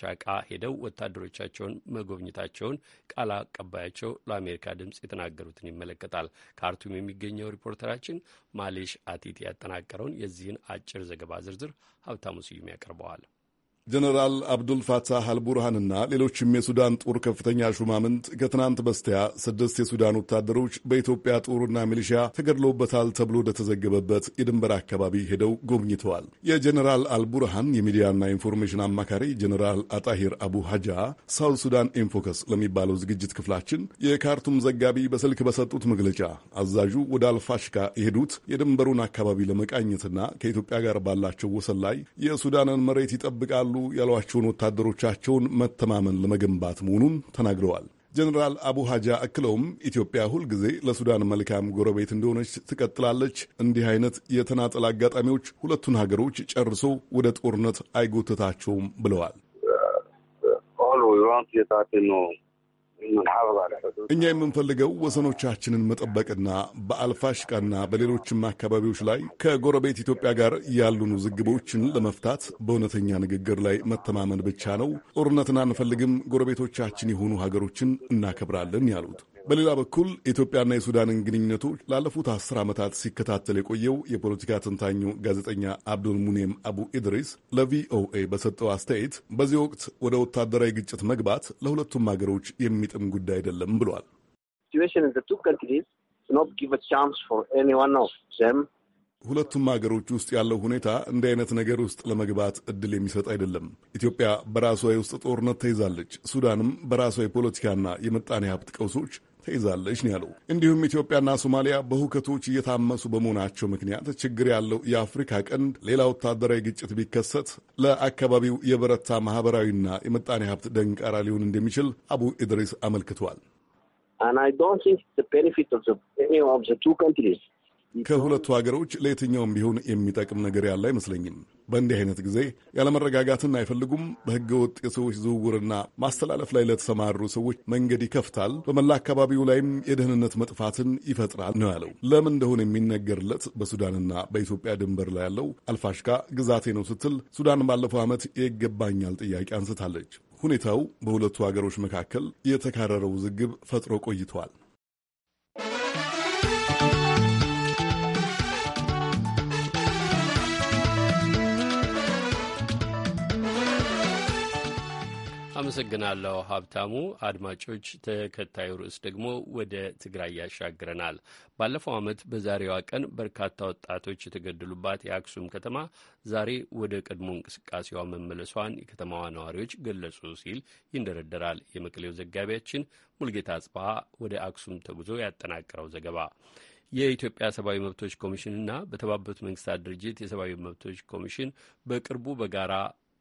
ሻቃ ሄደው ወታደሮቻቸውን መጎብኘታቸውን ቃል አቀባያቸው ለአሜሪካ ድምፅ የተናገሩትን ይመለከታል። ካርቱም የሚገኘው ሪፖርተራችን ማሌሽ አቲት ያጠናቀረውን የዚህን አጭር ዘገባ ዝርዝር ሀብታሙ ስዩም ያቀርበዋል። ጀነራል አብዱል ፋታህ አልቡርሃንና ሌሎችም የሱዳን ጦር ከፍተኛ ሹማምንት ከትናንት በስቲያ ስድስት የሱዳን ወታደሮች በኢትዮጵያ ጦርና ሚሊሺያ ተገድለውበታል ተብሎ ወደተዘገበበት የድንበር አካባቢ ሄደው ጎብኝተዋል። የጀነራል አልቡርሃን የሚዲያና ኢንፎርሜሽን አማካሪ ጀነራል አጣሂር አቡ ሀጃ ሳውት ሱዳን ኢንፎከስ ለሚባለው ዝግጅት ክፍላችን የካርቱም ዘጋቢ በስልክ በሰጡት መግለጫ አዛዡ ወደ አልፋሽካ የሄዱት የድንበሩን አካባቢ ለመቃኘትና ከኢትዮጵያ ጋር ባላቸው ወሰን ላይ የሱዳንን መሬት ይጠብቃሉ ያሏቸውን ወታደሮቻቸውን መተማመን ለመገንባት መሆኑን ተናግረዋል። ጀኔራል አቡ ሀጃ አክለውም ኢትዮጵያ ሁልጊዜ ለሱዳን መልካም ጎረቤት እንደሆነች ትቀጥላለች፣ እንዲህ አይነት የተናጠል አጋጣሚዎች ሁለቱን ሀገሮች ጨርሶ ወደ ጦርነት አይጎተታቸውም ብለዋል። uh, uh, እኛ የምንፈልገው ወሰኖቻችንን መጠበቅና በአልፋሽቃና በሌሎችም አካባቢዎች ላይ ከጎረቤት ኢትዮጵያ ጋር ያሉን ውዝግቦችን ለመፍታት በእውነተኛ ንግግር ላይ መተማመን ብቻ ነው። ጦርነትን አንፈልግም፣ ጎረቤቶቻችን የሆኑ ሀገሮችን እናከብራለን ያሉት በሌላ በኩል ኢትዮጵያና የሱዳንን ግንኙነቶች ላለፉት አስር ዓመታት ሲከታተል የቆየው የፖለቲካ ተንታኙ ጋዜጠኛ አብዱል ሙኒየም አቡ ኢድሪስ ለቪኦኤ በሰጠው አስተያየት በዚህ ወቅት ወደ ወታደራዊ ግጭት መግባት ለሁለቱም ሀገሮች የሚጥም ጉዳይ አይደለም ብሏል። ሁለቱም ሀገሮች ውስጥ ያለው ሁኔታ እንዲህ አይነት ነገር ውስጥ ለመግባት እድል የሚሰጥ አይደለም። ኢትዮጵያ በራሷ የውስጥ ጦርነት ተይዛለች። ሱዳንም በራሷ የፖለቲካና የምጣኔ ሀብት ቀውሶች ተይዛለች ነው ያለው። እንዲሁም ኢትዮጵያና ሶማሊያ በሁከቶች እየታመሱ በመሆናቸው ምክንያት ችግር ያለው የአፍሪካ ቀንድ ሌላ ወታደራዊ ግጭት ቢከሰት ለአካባቢው የበረታ ማህበራዊና የምጣኔ ሀብት ደንቃራ ሊሆን እንደሚችል አቡ ኢድሪስ አመልክቷል። ከሁለቱ ሀገሮች ለየትኛውም ቢሆን የሚጠቅም ነገር ያለ አይመስለኝም። በእንዲህ አይነት ጊዜ ያለመረጋጋትን አይፈልጉም። በሕገ ወጥ የሰዎች ዝውውርና ማስተላለፍ ላይ ለተሰማሩ ሰዎች መንገድ ይከፍታል፣ በመላ አካባቢው ላይም የደህንነት መጥፋትን ይፈጥራል ነው ያለው። ለምን እንደሆነ የሚነገርለት በሱዳንና በኢትዮጵያ ድንበር ላይ ያለው አልፋሽካ ግዛቴ ነው ስትል ሱዳን ባለፈው ዓመት የይገባኛል ጥያቄ አንስታለች። ሁኔታው በሁለቱ ሀገሮች መካከል የተካረረ ውዝግብ ፈጥሮ ቆይተዋል። አመሰግናለሁ ሀብታሙ። አድማጮች፣ ተከታዩ ርዕስ ደግሞ ወደ ትግራይ ያሻግረናል። ባለፈው ዓመት በዛሬዋ ቀን በርካታ ወጣቶች የተገደሉባት የአክሱም ከተማ ዛሬ ወደ ቀድሞ እንቅስቃሴዋ መመለሷን የከተማዋ ነዋሪዎች ገለጹ ሲል ይንደረደራል የመቀሌው ዘጋቢያችን ሙልጌታ አጽባሀ ወደ አክሱም ተጉዞ ያጠናቀረው ዘገባ የኢትዮጵያ ሰብአዊ መብቶች ኮሚሽንና በተባበሩት መንግስታት ድርጅት የሰብአዊ መብቶች ኮሚሽን በቅርቡ በጋራ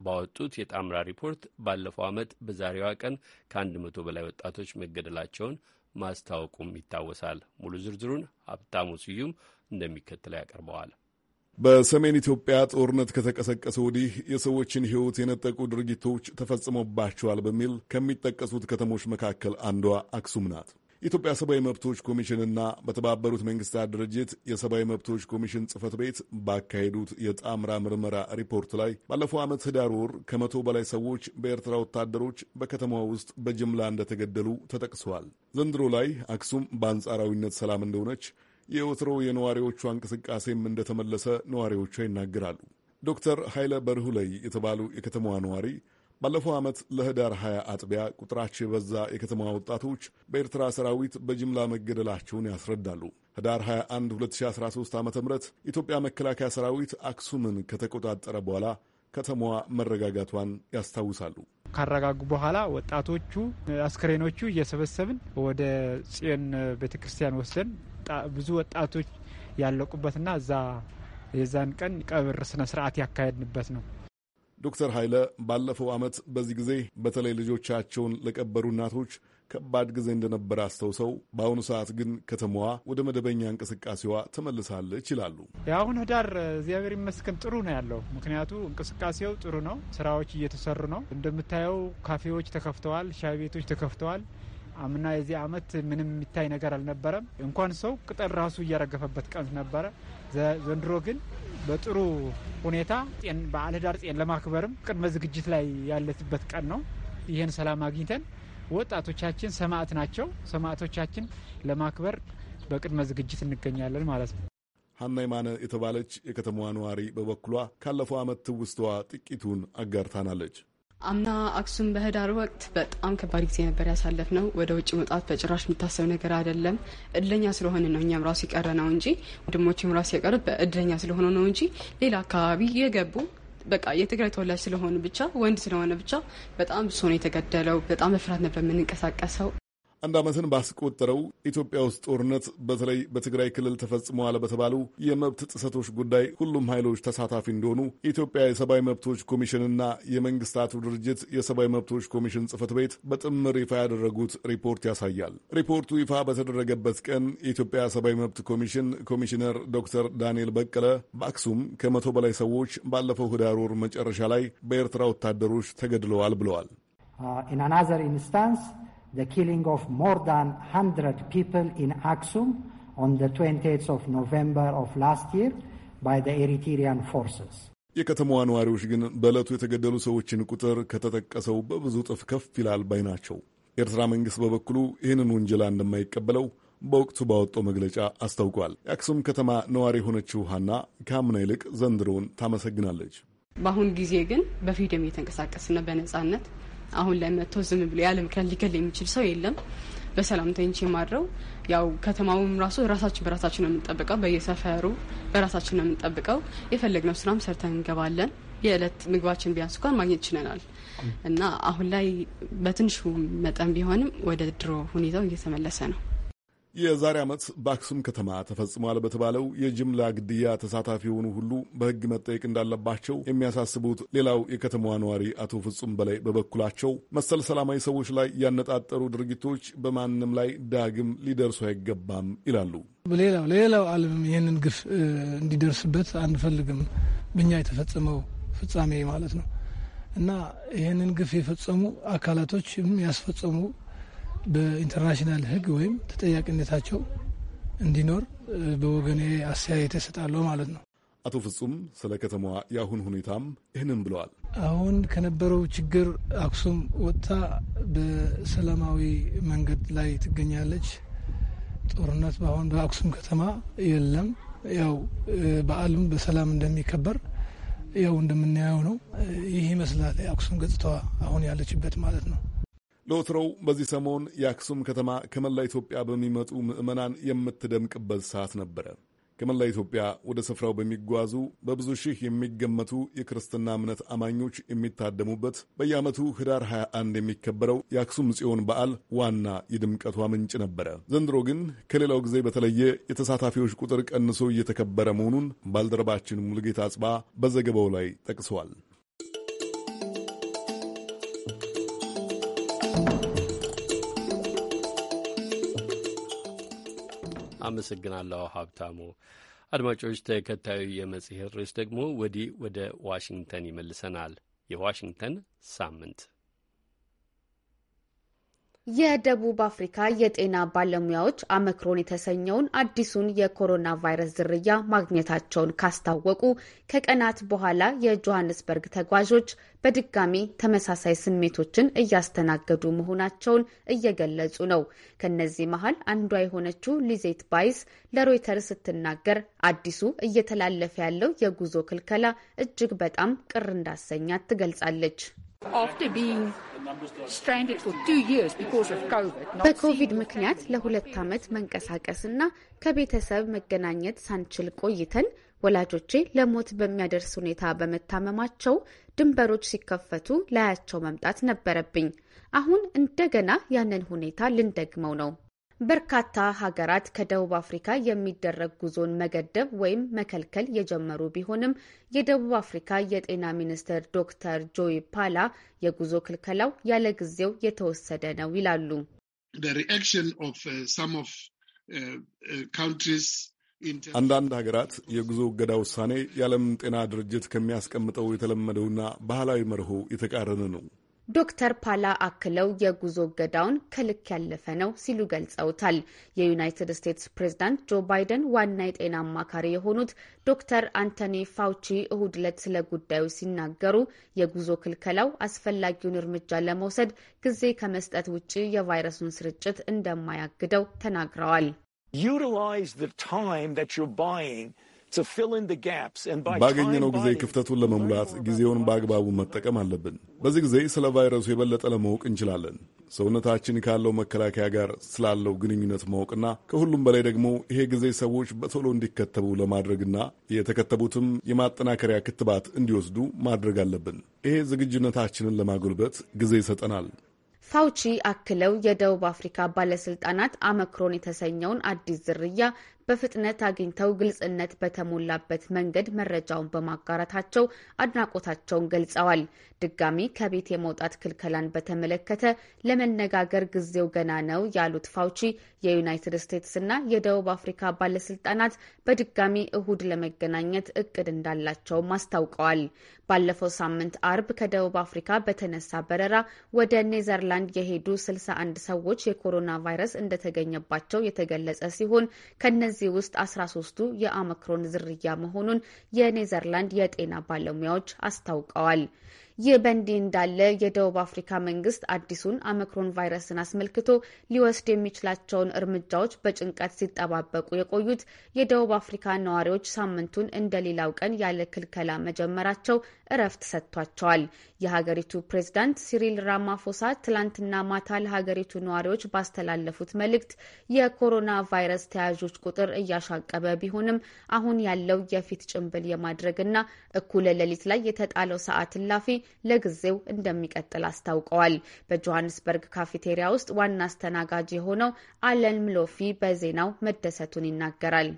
ባወጡት የጣምራ ሪፖርት ባለፈው ዓመት በዛሬዋ ቀን ከአንድ መቶ በላይ ወጣቶች መገደላቸውን ማስታወቁም ይታወሳል። ሙሉ ዝርዝሩን ሀብታሙ ስዩም እንደሚከተለው ያቀርበዋል። በሰሜን ኢትዮጵያ ጦርነት ከተቀሰቀሰ ወዲህ የሰዎችን ሕይወት የነጠቁ ድርጊቶች ተፈጽሞባቸዋል በሚል ከሚጠቀሱት ከተሞች መካከል አንዷ አክሱም ናት። የኢትዮጵያ ሰብአዊ መብቶች ኮሚሽንና በተባበሩት መንግስታት ድርጅት የሰብአዊ መብቶች ኮሚሽን ጽህፈት ቤት ባካሄዱት የጣምራ ምርመራ ሪፖርት ላይ ባለፈው ዓመት ህዳር ወር ከመቶ በላይ ሰዎች በኤርትራ ወታደሮች በከተማ ውስጥ በጅምላ እንደተገደሉ ተጠቅሰዋል። ዘንድሮ ላይ አክሱም በአንጻራዊነት ሰላም እንደሆነች፣ የወትሮ የነዋሪዎቿ እንቅስቃሴም እንደተመለሰ ነዋሪዎቿ ይናገራሉ። ዶክተር ኃይለ በርሁ ላይ የተባሉ የከተማዋ ነዋሪ ባለፈው ዓመት ለህዳር 20 አጥቢያ ቁጥራቸው የበዛ የከተማ ወጣቶች በኤርትራ ሰራዊት በጅምላ መገደላቸውን ያስረዳሉ። ህዳር 21 2013 ዓ ም ኢትዮጵያ መከላከያ ሰራዊት አክሱምን ከተቆጣጠረ በኋላ ከተማዋ መረጋጋቷን ያስታውሳሉ። ካረጋጉ በኋላ ወጣቶቹ አስክሬኖቹ እየሰበሰብን ወደ ጽዮን ቤተ ክርስቲያን ወስደን ብዙ ወጣቶች ያለቁበትና እዛ የዛን ቀን ቀብር ስነ ስርዓት ያካሄድንበት ነው። ዶክተር ኃይለ ባለፈው ዓመት በዚህ ጊዜ በተለይ ልጆቻቸውን ለቀበሩ እናቶች ከባድ ጊዜ እንደነበረ አስተውሰው በአሁኑ ሰዓት ግን ከተማዋ ወደ መደበኛ እንቅስቃሴዋ ተመልሳለች ይላሉ። የአሁን ህዳር እግዚአብሔር ይመስገን ጥሩ ነው ያለው። ምክንያቱ እንቅስቃሴው ጥሩ ነው፣ ስራዎች እየተሰሩ ነው። እንደምታየው ካፌዎች ተከፍተዋል፣ ሻይ ቤቶች ተከፍተዋል። አምና የዚህ አመት ምንም የሚታይ ነገር አልነበረም። እንኳን ሰው ቅጠል ራሱ እያረገፈበት ቀን ነበረ። ዘንድሮ ግን በጥሩ ሁኔታ በዓለ ህዳር ጤን ለማክበርም ቅድመ ዝግጅት ላይ ያለበት ቀን ነው። ይህን ሰላም አግኝተን ወጣቶቻችን ሰማዕት ናቸው። ሰማዕቶቻችን ለማክበር በቅድመ ዝግጅት እንገኛለን ማለት ነው። ሀና ይማነ የተባለች የከተማዋ ነዋሪ በበኩሏ ካለፈው ዓመት ትውስቷ ጥቂቱን አጋርታናለች። አምና አክሱም በህዳር ወቅት በጣም ከባድ ጊዜ ነበር ያሳለፍ ነው። ወደ ውጭ መውጣት በጭራሽ የሚታሰብ ነገር አይደለም። እድለኛ ስለሆነ ነው እኛም ራሱ የቀረ ነው እንጂ ወንድሞችም ራሱ የቀሩት በእድለኛ ስለሆነ ነው እንጂ ሌላ አካባቢ የገቡ በቃ የትግራይ ተወላጅ ስለሆነ ብቻ ወንድ ስለሆነ ብቻ በጣም ብሶ ነው የተገደለው። በጣም በፍርሃት ነበር የምንንቀሳቀሰው። አንድ ዓመትን ባስቆጠረው ኢትዮጵያ ውስጥ ጦርነት በተለይ በትግራይ ክልል ተፈጽመዋል በተባሉ የመብት ጥሰቶች ጉዳይ ሁሉም ኃይሎች ተሳታፊ እንደሆኑ የኢትዮጵያ የሰብአዊ መብቶች ኮሚሽንና የመንግስታቱ ድርጅት የሰብአዊ መብቶች ኮሚሽን ጽህፈት ቤት በጥምር ይፋ ያደረጉት ሪፖርት ያሳያል። ሪፖርቱ ይፋ በተደረገበት ቀን የኢትዮጵያ ሰብአዊ መብት ኮሚሽን ኮሚሽነር ዶክተር ዳንኤል በቀለ በአክሱም ከመቶ በላይ ሰዎች ባለፈው ህዳር ወር መጨረሻ ላይ በኤርትራ ወታደሮች ተገድለዋል ብለዋል። ኢን አናዘር ኢንስታንስ the killing of more than 100 people in Aksum on the 28th of November of last year by the Eritrean forces. የከተማዋ ነዋሪዎች ግን በዕለቱ የተገደሉ ሰዎችን ቁጥር ከተጠቀሰው በብዙ ጥፍ ከፍ ይላል ባይ ናቸው። የኤርትራ መንግሥት በበኩሉ ይህንን ውንጀላ እንደማይቀበለው በወቅቱ ባወጣው መግለጫ አስታውቋል። የአክሱም ከተማ ነዋሪ የሆነችው ሀና ከአምና ይልቅ ዘንድሮውን ታመሰግናለች። በአሁን ጊዜ ግን በፍሪደም እየተንቀሳቀስን በነጻነት አሁን ላይ መጥቶ ዝም ብሎ ያለ ምክንያት ሊገል የሚችል ሰው የለም። በሰላም ተኝቼ ማድረው ያው ከተማውም ራሱ ራሳችን በራሳችን ነው የምንጠብቀው። በየሰፈሩ በራሳችን ነው የምንጠብቀው። የፈለግነው ስራም ሰርተን እንገባለን። የእለት ምግባችን ቢያንስ እንኳን ማግኘት ችለናል እና አሁን ላይ በትንሹ መጠን ቢሆንም ወደ ድሮ ሁኔታው እየተመለሰ ነው። የዛሬ ዓመት በአክሱም ከተማ ተፈጽሟል በተባለው የጅምላ ግድያ ተሳታፊ የሆኑ ሁሉ በሕግ መጠየቅ እንዳለባቸው የሚያሳስቡት ሌላው የከተማዋ ነዋሪ አቶ ፍጹም በላይ በበኩላቸው መሰል ሰላማዊ ሰዎች ላይ ያነጣጠሩ ድርጊቶች በማንም ላይ ዳግም ሊደርሱ አይገባም ይላሉ። ሌላው ሌላው ዓለም ይህንን ግፍ እንዲደርስበት አንፈልግም። ብኛ የተፈጸመው ፍጻሜ ማለት ነው እና ይህንን ግፍ የፈጸሙ አካላቶችም ያስፈጸሙ በኢንተርናሽናል ህግ ወይም ተጠያቂነታቸው እንዲኖር በወገኔ አስተያየት እሰጣለሁ ማለት ነው። አቶ ፍጹም ስለ ከተማዋ የአሁን ሁኔታም ይህንን ብለዋል። አሁን ከነበረው ችግር አክሱም ወጥታ በሰላማዊ መንገድ ላይ ትገኛለች። ጦርነት በአሁን በአክሱም ከተማ የለም። ያው በዓሉም በሰላም እንደሚከበር ያው እንደምናየው ነው። ይህ ይመስላል የአክሱም ገጽታዋ አሁን ያለችበት ማለት ነው። ለወትሮው በዚህ ሰሞን የአክሱም ከተማ ከመላ ኢትዮጵያ በሚመጡ ምዕመናን የምትደምቅበት ሰዓት ነበረ። ከመላ ኢትዮጵያ ወደ ስፍራው በሚጓዙ በብዙ ሺህ የሚገመቱ የክርስትና እምነት አማኞች የሚታደሙበት በየዓመቱ ህዳር 21 የሚከበረው የአክሱም ጽዮን በዓል ዋና የድምቀቷ ምንጭ ነበረ። ዘንድሮ ግን ከሌላው ጊዜ በተለየ የተሳታፊዎች ቁጥር ቀንሶ እየተከበረ መሆኑን ባልደረባችን ሙልጌታ አጽባ በዘገባው ላይ ጠቅሰዋል። አመሰግናለሁ ሀብታሙ። አድማጮች፣ ተከታዩ የመጽሔት ርዕስ ደግሞ ወዲህ ወደ ዋሽንግተን ይመልሰናል። የዋሽንግተን ሳምንት የደቡብ አፍሪካ የጤና ባለሙያዎች አመክሮን የተሰኘውን አዲሱን የኮሮና ቫይረስ ዝርያ ማግኘታቸውን ካስታወቁ ከቀናት በኋላ የጆሃንስበርግ ተጓዦች በድጋሚ ተመሳሳይ ስሜቶችን እያስተናገዱ መሆናቸውን እየገለጹ ነው። ከነዚህ መሀል አንዷ የሆነችው ሊዜት ባይስ ለሮይተርስ ስትናገር አዲሱ እየተላለፈ ያለው የጉዞ ክልከላ እጅግ በጣም ቅር እንዳሰኛት ትገልጻለች። በኮቪድ ምክንያት ለሁለት ዓመት መንቀሳቀስና ከቤተሰብ መገናኘት ሳንችል ቆይተን ወላጆቼ ለሞት በሚያደርስ ሁኔታ በመታመማቸው ድንበሮች ሲከፈቱ ላያቸው መምጣት ነበረብኝ። አሁን እንደገና ያንን ሁኔታ ልንደግመው ነው። በርካታ ሀገራት ከደቡብ አፍሪካ የሚደረግ ጉዞን መገደብ ወይም መከልከል የጀመሩ ቢሆንም የደቡብ አፍሪካ የጤና ሚኒስትር ዶክተር ጆይ ፓላ የጉዞ ክልከላው ያለ ጊዜው የተወሰደ ነው ይላሉ። uh, uh, uh, አንዳንድ ሀገራት የጉዞ እገዳ ውሳኔ የዓለም ጤና ድርጅት ከሚያስቀምጠው የተለመደውና ባህላዊ መርሆ የተቃረነ ነው። ዶክተር ፓላ አክለው የጉዞ እገዳውን ከልክ ያለፈ ነው ሲሉ ገልጸውታል። የዩናይትድ ስቴትስ ፕሬዝዳንት ጆ ባይደን ዋና የጤና አማካሪ የሆኑት ዶክተር አንቶኒ ፋውቺ እሁድ ዕለት ስለ ጉዳዩ ሲናገሩ የጉዞ ክልከላው አስፈላጊውን እርምጃ ለመውሰድ ጊዜ ከመስጠት ውጪ የቫይረሱን ስርጭት እንደማያግደው ተናግረዋል። ባገኘነው ጊዜ ክፍተቱን ለመሙላት ጊዜውን በአግባቡ መጠቀም አለብን። በዚህ ጊዜ ስለ ቫይረሱ የበለጠ ለማወቅ እንችላለን። ሰውነታችን ካለው መከላከያ ጋር ስላለው ግንኙነት ማወቅና ከሁሉም በላይ ደግሞ ይሄ ጊዜ ሰዎች በቶሎ እንዲከተቡ ለማድረግና የተከተቡትም የማጠናከሪያ ክትባት እንዲወስዱ ማድረግ አለብን። ይሄ ዝግጁነታችንን ለማጎልበት ጊዜ ይሰጠናል። ፋውቺ አክለው የደቡብ አፍሪካ ባለስልጣናት አመክሮን የተሰኘውን አዲስ ዝርያ በፍጥነት አግኝተው ግልጽነት በተሞላበት መንገድ መረጃውን በማጋራታቸው አድናቆታቸውን ገልጸዋል። ድጋሚ ከቤት የመውጣት ክልከላን በተመለከተ ለመነጋገር ጊዜው ገና ነው ያሉት ፋውቺ የዩናይትድ እና የደቡብ አፍሪካ ባለስልጣናት በድጋሚ እሁድ ለመገናኘት እቅድ እንዳላቸውም አስታውቀዋል። ባለፈው ሳምንት አርብ ከደቡብ አፍሪካ በተነሳ በረራ ወደ ኔዘርላንድ የሄዱ 61 ሰዎች የኮሮና ቫይረስ እንደተገኘባቸው የተገለጸ ሲሆን ከነ ከዚህ ውስጥ አስራ ሶስቱ የኦሚክሮን ዝርያ መሆኑን የኔዘርላንድ የጤና ባለሙያዎች አስታውቀዋል። ይህ በእንዲህ እንዳለ የደቡብ አፍሪካ መንግስት አዲሱን አሚክሮን ቫይረስን አስመልክቶ ሊወስድ የሚችላቸውን እርምጃዎች በጭንቀት ሲጠባበቁ የቆዩት የደቡብ አፍሪካ ነዋሪዎች ሳምንቱን እንደ ሌላው ቀን ያለ ክልከላ መጀመራቸው እረፍት ሰጥቷቸዋል። የሀገሪቱ ፕሬዝዳንት ሲሪል ራማፎሳ ትላንትና ማታ ለሀገሪቱ ነዋሪዎች ባስተላለፉት መልእክት የኮሮና ቫይረስ ተያዦች ቁጥር እያሻቀበ ቢሆንም አሁን ያለው የፊት ጭንብል የማድረግና እኩለ ሌሊት ላይ የተጣለው ሰዓት እላፊ ለጊዜው እንደሚቀጥል አስታውቀዋል። በጆሃንስበርግ ካፌቴሪያ ውስጥ ዋና አስተናጋጅ የሆነው አለን ምሎፊ በዜናው መደሰቱን ይናገራል።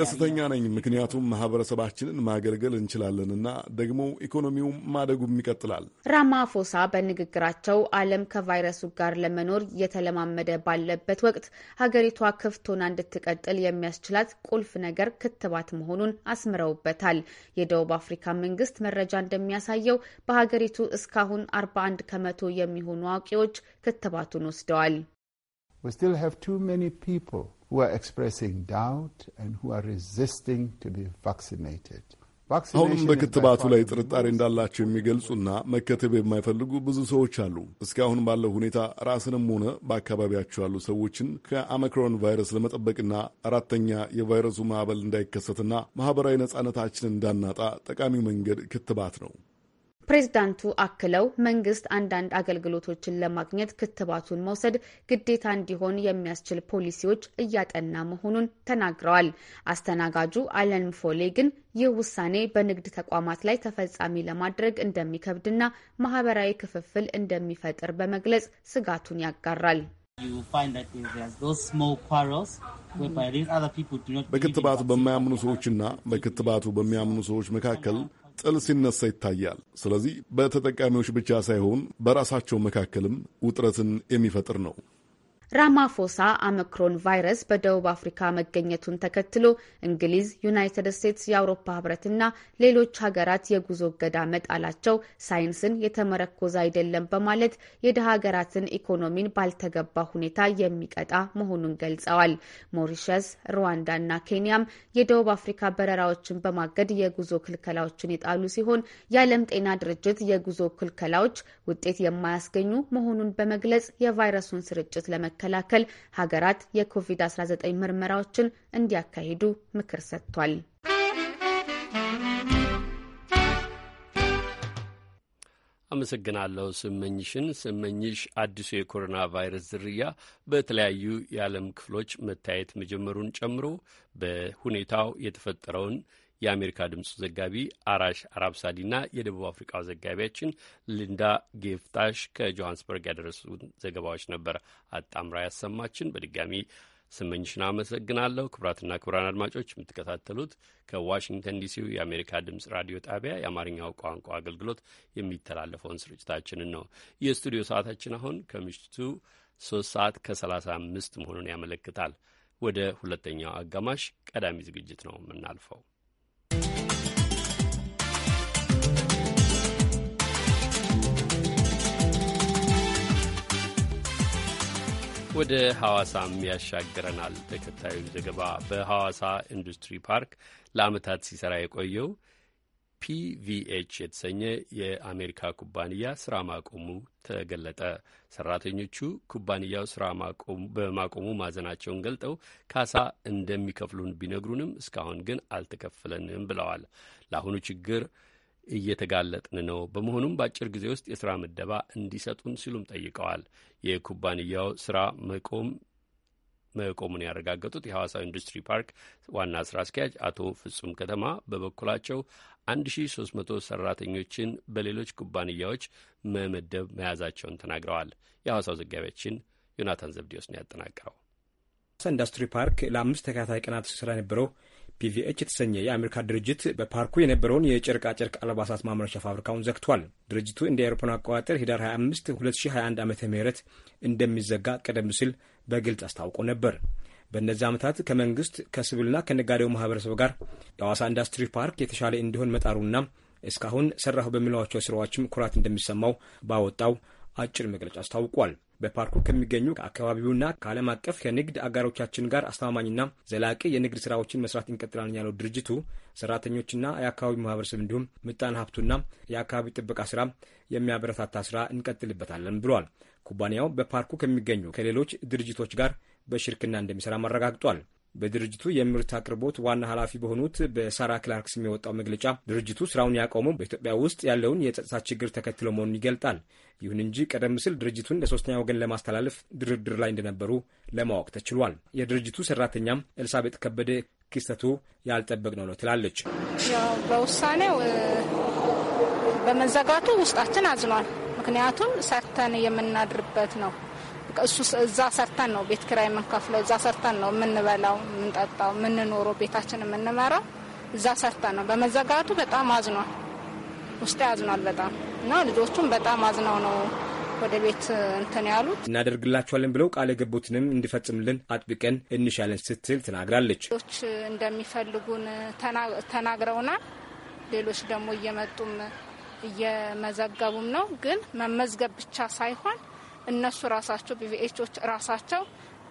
ደስተኛ ነኝ፣ ምክንያቱም ማህበረሰባችንን ማገልገል እንችላለንና ደግሞ ኢኮኖሚውም ማደጉም ይቀጥላል። ራማፎሳ በንግግራቸው ዓለም ከቫይረሱ ጋር ለመኖር እየተለማመደ ባለበት ወቅት ሀገሪቷ ክፍት ሆና እንድትቀጥል የሚያስችላት ቁልፍ ነገር ክትባት መሆኑን አስምረውበታል። ገልጸዋል። የደቡብ አፍሪካ መንግስት መረጃ እንደሚያሳየው በሀገሪቱ እስካሁን 41 ከመቶ የሚሆኑ አዋቂዎች ክትባቱን ወስደዋል። ፒፕል who are expressing doubt and who are resisting to be vaccinated. አሁንም በክትባቱ ላይ ጥርጣሬ እንዳላቸው የሚገልጹና መከተብ የማይፈልጉ ብዙ ሰዎች አሉ። እስካሁን ባለው ሁኔታ ራስንም ሆነ በአካባቢያቸው ያሉ ሰዎችን ከኦሚክሮን ቫይረስ ለመጠበቅና አራተኛ የቫይረሱ ማዕበል እንዳይከሰትና ማህበራዊ ነጻነታችንን እንዳናጣ ጠቃሚው መንገድ ክትባት ነው። ፕሬዝዳንቱ አክለው መንግስት አንዳንድ አገልግሎቶችን ለማግኘት ክትባቱን መውሰድ ግዴታ እንዲሆን የሚያስችል ፖሊሲዎች እያጠና መሆኑን ተናግረዋል። አስተናጋጁ አለን ፎሌ ግን ይህ ውሳኔ በንግድ ተቋማት ላይ ተፈጻሚ ለማድረግ እንደሚከብድና ማህበራዊ ክፍፍል እንደሚፈጥር በመግለጽ ስጋቱን ያጋራል። በክትባት በማያምኑ ሰዎችና በክትባቱ በሚያምኑ ሰዎች መካከል ጥል ሲነሳ ይታያል። ስለዚህ በተጠቃሚዎች ብቻ ሳይሆን በራሳቸው መካከልም ውጥረትን የሚፈጥር ነው። ራማፎሳ አመክሮን ቫይረስ በደቡብ አፍሪካ መገኘቱን ተከትሎ እንግሊዝ፣ ዩናይትድ ስቴትስ፣ የአውሮፓ ህብረትና ሌሎች ሀገራት የጉዞ እገዳ መጣላቸው ሳይንስን የተመረኮዘ አይደለም በማለት የደሃ ሀገራትን ኢኮኖሚን ባልተገባ ሁኔታ የሚቀጣ መሆኑን ገልጸዋል። ሞሪሸስ፣ እና ኬንያም የደቡብ አፍሪካ በረራዎችን በማገድ የጉዞ ክልከላዎችን የጣሉ ሲሆን የዓለም ጤና ድርጅት የጉዞ ክልከላዎች ውጤት የማያስገኙ መሆኑን በመግለጽ የቫይረሱን ስርጭት ለመ ለመከላከል ሀገራት የኮቪድ-19 ምርመራዎችን እንዲያካሂዱ ምክር ሰጥቷል። አመሰግናለሁ ስመኝሽን። ስመኝሽ አዲሱ የኮሮና ቫይረስ ዝርያ በተለያዩ የዓለም ክፍሎች መታየት መጀመሩን ጨምሮ በሁኔታው የተፈጠረውን የአሜሪካ ድምፅ ዘጋቢ አራሽ አራብሳዲና የደቡብ አፍሪቃ ዘጋቢያችን ሊንዳ ጌፍታሽ ከጆሃንስበርግ ያደረሱን ዘገባዎች ነበር አጣምራ ያሰማችን። በድጋሚ ስመኝሽን አመሰግናለሁ። ክቡራትና ክቡራን አድማጮች የምትከታተሉት ከዋሽንግተን ዲሲው የአሜሪካ ድምፅ ራዲዮ ጣቢያ የአማርኛው ቋንቋ አገልግሎት የሚተላለፈውን ስርጭታችንን ነው። የስቱዲዮ ሰዓታችን አሁን ከምሽቱ ሶስት ሰዓት ከሰላሳ አምስት መሆኑን ያመለክታል። ወደ ሁለተኛው አጋማሽ ቀዳሚ ዝግጅት ነው የምናልፈው። ወደ ሐዋሳም ያሻግረናል። ተከታዩ ዘገባ በሐዋሳ ኢንዱስትሪ ፓርክ ለዓመታት ሲሰራ የቆየው ፒቪኤች የተሰኘ የአሜሪካ ኩባንያ ስራ ማቆሙ ተገለጠ። ሰራተኞቹ ኩባንያው ስራ በማቆሙ ማዘናቸውን ገልጠው ካሳ እንደሚከፍሉን ቢነግሩንም እስካሁን ግን አልተከፈለንም ብለዋል። ለአሁኑ ችግር እየተጋለጥን ነው። በመሆኑም በአጭር ጊዜ ውስጥ የስራ ምደባ እንዲሰጡን ሲሉም ጠይቀዋል። የኩባንያው ስራ መቆም መቆሙን ያረጋገጡት የሐዋሳው ኢንዱስትሪ ፓርክ ዋና ስራ አስኪያጅ አቶ ፍጹም ከተማ በበኩላቸው 1300 ሰራተኞችን በሌሎች ኩባንያዎች መመደብ መያዛቸውን ተናግረዋል። የሐዋሳው ዘጋቢያችን ዮናታን ዘብዲዮስ ነው ያጠናቀረው። ሐዋሳ ኢንዱስትሪ ፓርክ ለአምስት ተከታታይ ቀናት ሲሰራ የነበረው ፒቪኤች የተሰኘ የአሜሪካ ድርጅት በፓርኩ የነበረውን የጨርቃጨርቅ አልባሳት ማምረቻ ፋብሪካውን ዘግቷል። ድርጅቱ እንደ አውሮፓውያን አቆጣጠር ሂዳር 25 2021 ዓ ም እንደሚዘጋ ቀደም ሲል በግልጽ አስታውቆ ነበር። በእነዚህ ዓመታት ከመንግስት ከስብልና ከነጋዴው ማህበረሰብ ጋር የሐዋሳ ኢንዱስትሪ ፓርክ የተሻለ እንዲሆን መጣሩና እስካሁን ሰራሁ በሚለዋቸው ስራዎችም ኩራት እንደሚሰማው ባወጣው አጭር መግለጫ አስታውቋል። በፓርኩ ከሚገኙ ከአካባቢውና ከዓለም አቀፍ ከንግድ አጋሮቻችን ጋር አስተማማኝና ዘላቂ የንግድ ስራዎችን መስራት እንቀጥላለን ያለው ድርጅቱ ሰራተኞችና የአካባቢው ማህበረሰብ እንዲሁም ምጣን ሀብቱና የአካባቢ ጥበቃ ስራ የሚያበረታታ ስራ እንቀጥልበታለን ብሏል። ኩባንያው በፓርኩ ከሚገኙ ከሌሎች ድርጅቶች ጋር በሽርክና እንደሚሰራ አረጋግጧል። በድርጅቱ የምርት አቅርቦት ዋና ኃላፊ በሆኑት በሳራ ክላርክስ የሚወጣው የወጣው መግለጫ ድርጅቱ ስራውን ያቆመው በኢትዮጵያ ውስጥ ያለውን የጸጥታ ችግር ተከትሎ መሆኑን ይገልጣል። ይሁን እንጂ ቀደም ሲል ድርጅቱን ለሶስተኛ ወገን ለማስተላለፍ ድርድር ላይ እንደነበሩ ለማወቅ ተችሏል። የድርጅቱ ሰራተኛም ኤልሳቤጥ ከበደ ክስተቱ ያልጠበቅ ነው ትላለች። በውሳኔው በመዘጋቱ ውስጣችን አዝኗል። ምክንያቱም ሰርተን የምናድርበት ነው እሱ እዛ ሰርተን ነው ቤት ክራይ የምንከፍለው፣ እዛ ሰርተን ነው የምንበላው፣ የምንጠጣው፣ የምንኖረው፣ ቤታችን የምንመራው እዛ ሰርተን ነው። በመዘጋቱ በጣም አዝኗል፣ ውስጤ አዝኗል በጣም እና ልጆቹም በጣም አዝነው ነው ወደ ቤት እንትን ያሉት እናደርግላቸዋለን ብለው ቃል የገቡትንም እንዲፈጽምልን አጥብቀን እንሻለን ስትል ትናግራለች። ሌሎች እንደሚፈልጉን ተናግረውናል። ሌሎች ደግሞ እየመጡም እየመዘገቡም ነው። ግን መመዝገብ ብቻ ሳይሆን እነሱ ራሳቸው ቢቪኤቾች ራሳቸው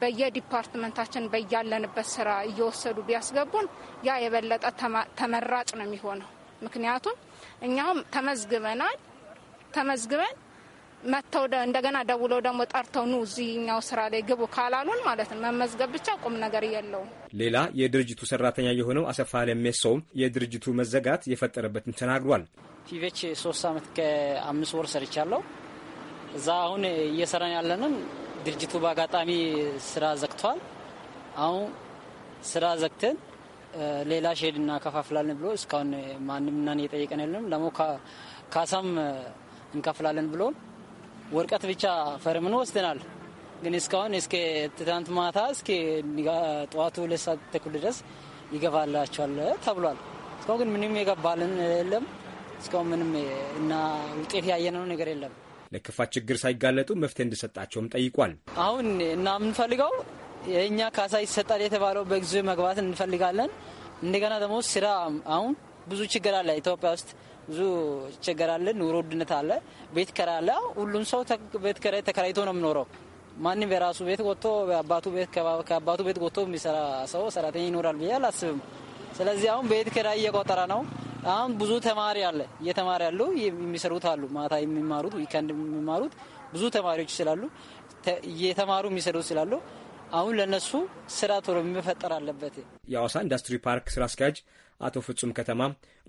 በየዲፓርትመንታችን በያለንበት ስራ እየወሰዱ ቢያስገቡን ያ የበለጠ ተመራጭ ነው የሚሆነው። ምክንያቱም እኛውም ተመዝግበናል። ተመዝግበን መጥተው እንደገና ደውለው ደግሞ ጠርተው ኑ እዚህኛው ስራ ላይ ግቡ ካላሉን ማለት ነው መመዝገብ ብቻ ቁም ነገር የለውም። ሌላ የድርጅቱ ሰራተኛ የሆነው አሰፋ ለሜሶውም የድርጅቱ መዘጋት የፈጠረበትን ተናግሯል። ቲቬች ሶስት አመት ከአምስት ወር ሰርቻለሁ። እዛ አሁን እየሰራን ያለንን ድርጅቱ በአጋጣሚ ስራ ዘግቷል። አሁን ስራ ዘግተን ሌላ ሼድ እናከፋፍላለን ብሎ እስካሁን ማንም ናን እየጠየቀን የለም። ደግሞ ካሳም እንከፍላለን ብሎ ወርቀት ብቻ ፈርምን ወስደናል። ግን እስካሁን እስከ ትናንት ማታ እስከ ጠዋቱ ሁለት ሰዓት ተኩል ድረስ ይገባላቸዋል ተብሏል። እስካሁን ግን ምንም የገባልን የለም። እስካሁን ምንም እና ውጤት ያየነው ነገር የለም። ለክፋት ችግር ሳይጋለጡ መፍትሄ እንዲሰጣቸውም ጠይቋል። አሁን እና የምንፈልገው የእኛ ካሳ ይሰጣል የተባለው በጊዜ መግባት እንፈልጋለን። እንደገና ደግሞ ስራ አሁን ብዙ ችግር አለ ኢትዮጵያ ውስጥ ብዙ ችግር አለ። ኑሮ ውድነት አለ። ቤት ኪራይ አለ። ሁሉም ሰው ቤት ኪራይ ተከራይቶ ነው የምኖረው። ማንም የራሱ ቤት ወጥቶ አባቱ ቤት ከአባቱ ቤት ወጥቶ የሚሰራ ሰው ሰራተኛ ይኖራል ብዬ አላስብም። ስለዚህ አሁን ቤት ኪራይ እየቆጠረ ነው። አሁን ብዙ ተማሪ አለ እየተማሪ ያለው የሚሰሩት አሉ ማታ የሚማሩት ዊከንድ የሚማሩት ብዙ ተማሪዎች ስላሉ እየተማሩ የሚሰሩት ስላሉ አሁን ለነሱ ስራ ቶሎ መፈጠር አለበት። የአዋሳ ኢንዱስትሪ ፓርክ ስራ አስኪያጅ አቶ ፍጹም ከተማ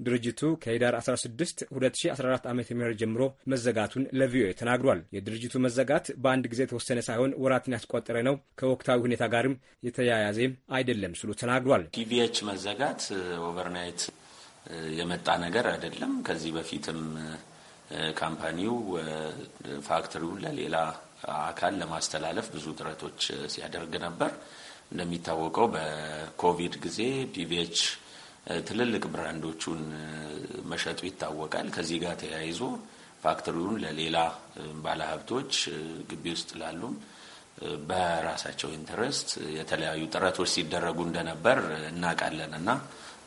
ድርጅቱ ከሄዳር 16 2014 ዓ ም ጀምሮ መዘጋቱን ለቪኦኤ ተናግሯል። የድርጅቱ መዘጋት በአንድ ጊዜ የተወሰነ ሳይሆን ወራትን ያስቆጠረ ነው፣ ከወቅታዊ ሁኔታ ጋርም የተያያዘ አይደለም ስሉ ተናግሯል። ቲቪኤች መዘጋት ኦቨርናይት የመጣ ነገር አይደለም። ከዚህ በፊትም ካምፓኒው ፋክትሪውን ለሌላ አካል ለማስተላለፍ ብዙ ጥረቶች ሲያደርግ ነበር። እንደሚታወቀው በኮቪድ ጊዜ ፒቪኤች ትልልቅ ብራንዶቹን መሸጡ ይታወቃል። ከዚህ ጋር ተያይዞ ፋክትሪውን ለሌላ ባለሀብቶች ግቢ ውስጥ ላሉም በራሳቸው ኢንተረስት የተለያዩ ጥረቶች ሲደረጉ እንደነበር እናውቃለን እና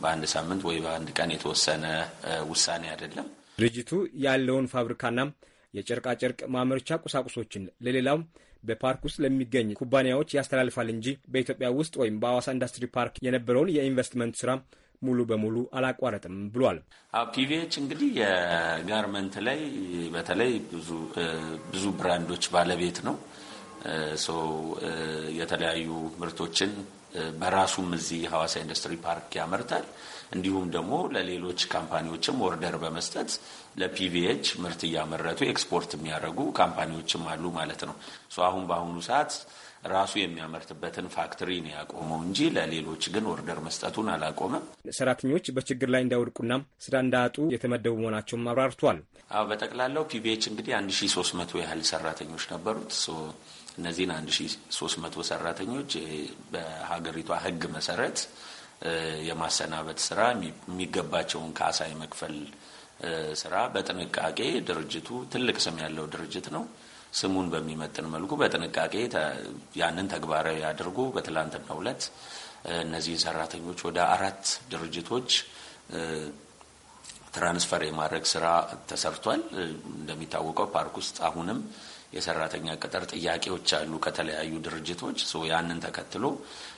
በአንድ ሳምንት ወይ በአንድ ቀን የተወሰነ ውሳኔ አይደለም። ድርጅቱ ያለውን ፋብሪካና የጨርቃጨርቅ ማምረቻ ቁሳቁሶችን ለሌላው በፓርክ ውስጥ ለሚገኝ ኩባንያዎች ያስተላልፋል እንጂ በኢትዮጵያ ውስጥ ወይም በአዋሳ ኢንዱስትሪ ፓርክ የነበረውን የኢንቨስትመንት ስራ ሙሉ በሙሉ አላቋረጥም ብሏል። ፒቪኤች እንግዲህ የጋርመንት ላይ በተለይ ብዙ ብራንዶች ባለቤት ነው። የተለያዩ ምርቶችን በራሱም እዚህ ሀዋሳ ኢንዱስትሪ ፓርክ ያመርታል። እንዲሁም ደግሞ ለሌሎች ካምፓኒዎችም ኦርደር በመስጠት ለፒቪኤች ምርት እያመረቱ ኤክስፖርት የሚያደርጉ ካምፓኒዎችም አሉ ማለት ነው። አሁን በአሁኑ ሰዓት ራሱ የሚያመርትበትን ፋክትሪ ነው ያቆመው እንጂ ለሌሎች ግን ኦርደር መስጠቱን አላቆመም። ሰራተኞች በችግር ላይ እንዳይወድቁና ስራ እንዳያጡ የተመደቡ መሆናቸውም አብራርቷል። በጠቅላላው ፒቪኤች እንግዲህ 1300 ያህል ሰራተኞች ነበሩት። እነዚህን 1300 ሰራተኞች በሀገሪቷ ህግ መሰረት የማሰናበት ስራ የሚገባቸውን ካሳ የመክፈል ስራ በጥንቃቄ ድርጅቱ ትልቅ ስም ያለው ድርጅት ነው። ስሙን በሚመጥን መልኩ በጥንቃቄ ያንን ተግባራዊ አድርጎ በትላንትናው ዕለት እነዚህን ሰራተኞች ወደ አራት ድርጅቶች ትራንስፈር የማድረግ ስራ ተሰርቷል። እንደሚታወቀው ፓርክ ውስጥ አሁንም የሰራተኛ ቅጥር ጥያቄዎች አሉ ከተለያዩ ድርጅቶች። ያንን ተከትሎ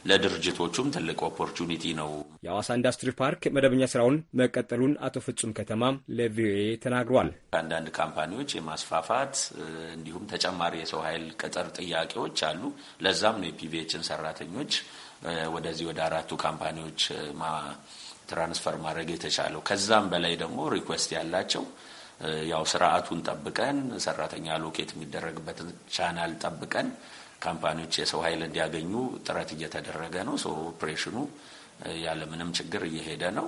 ለድርጅቶቹም ትልቅ ኦፖርቹኒቲ ነው። የአዋሳ ኢንዱስትሪ ፓርክ መደበኛ ስራውን መቀጠሉን አቶ ፍጹም ከተማ ለቪኦኤ ተናግሯል። አንዳንድ ካምፓኒዎች የማስፋፋት እንዲሁም ተጨማሪ የሰው ኃይል ቅጥር ጥያቄዎች አሉ። ለዛም ነው የፒቪኤችን ሰራተኞች ወደዚህ ወደ አራቱ ካምፓኒዎች ትራንስፈር ማድረግ የተቻለው። ከዛም በላይ ደግሞ ሪኩዌስት ያላቸው ያው ስርዓቱን ጠብቀን ሰራተኛ ሎኬት የሚደረግበትን ቻናል ጠብቀን ካምፓኒዎች የሰው ኃይል እንዲያገኙ ጥረት እየተደረገ ነው። ሰው ኦፕሬሽኑ ያለምንም ችግር እየሄደ ነው።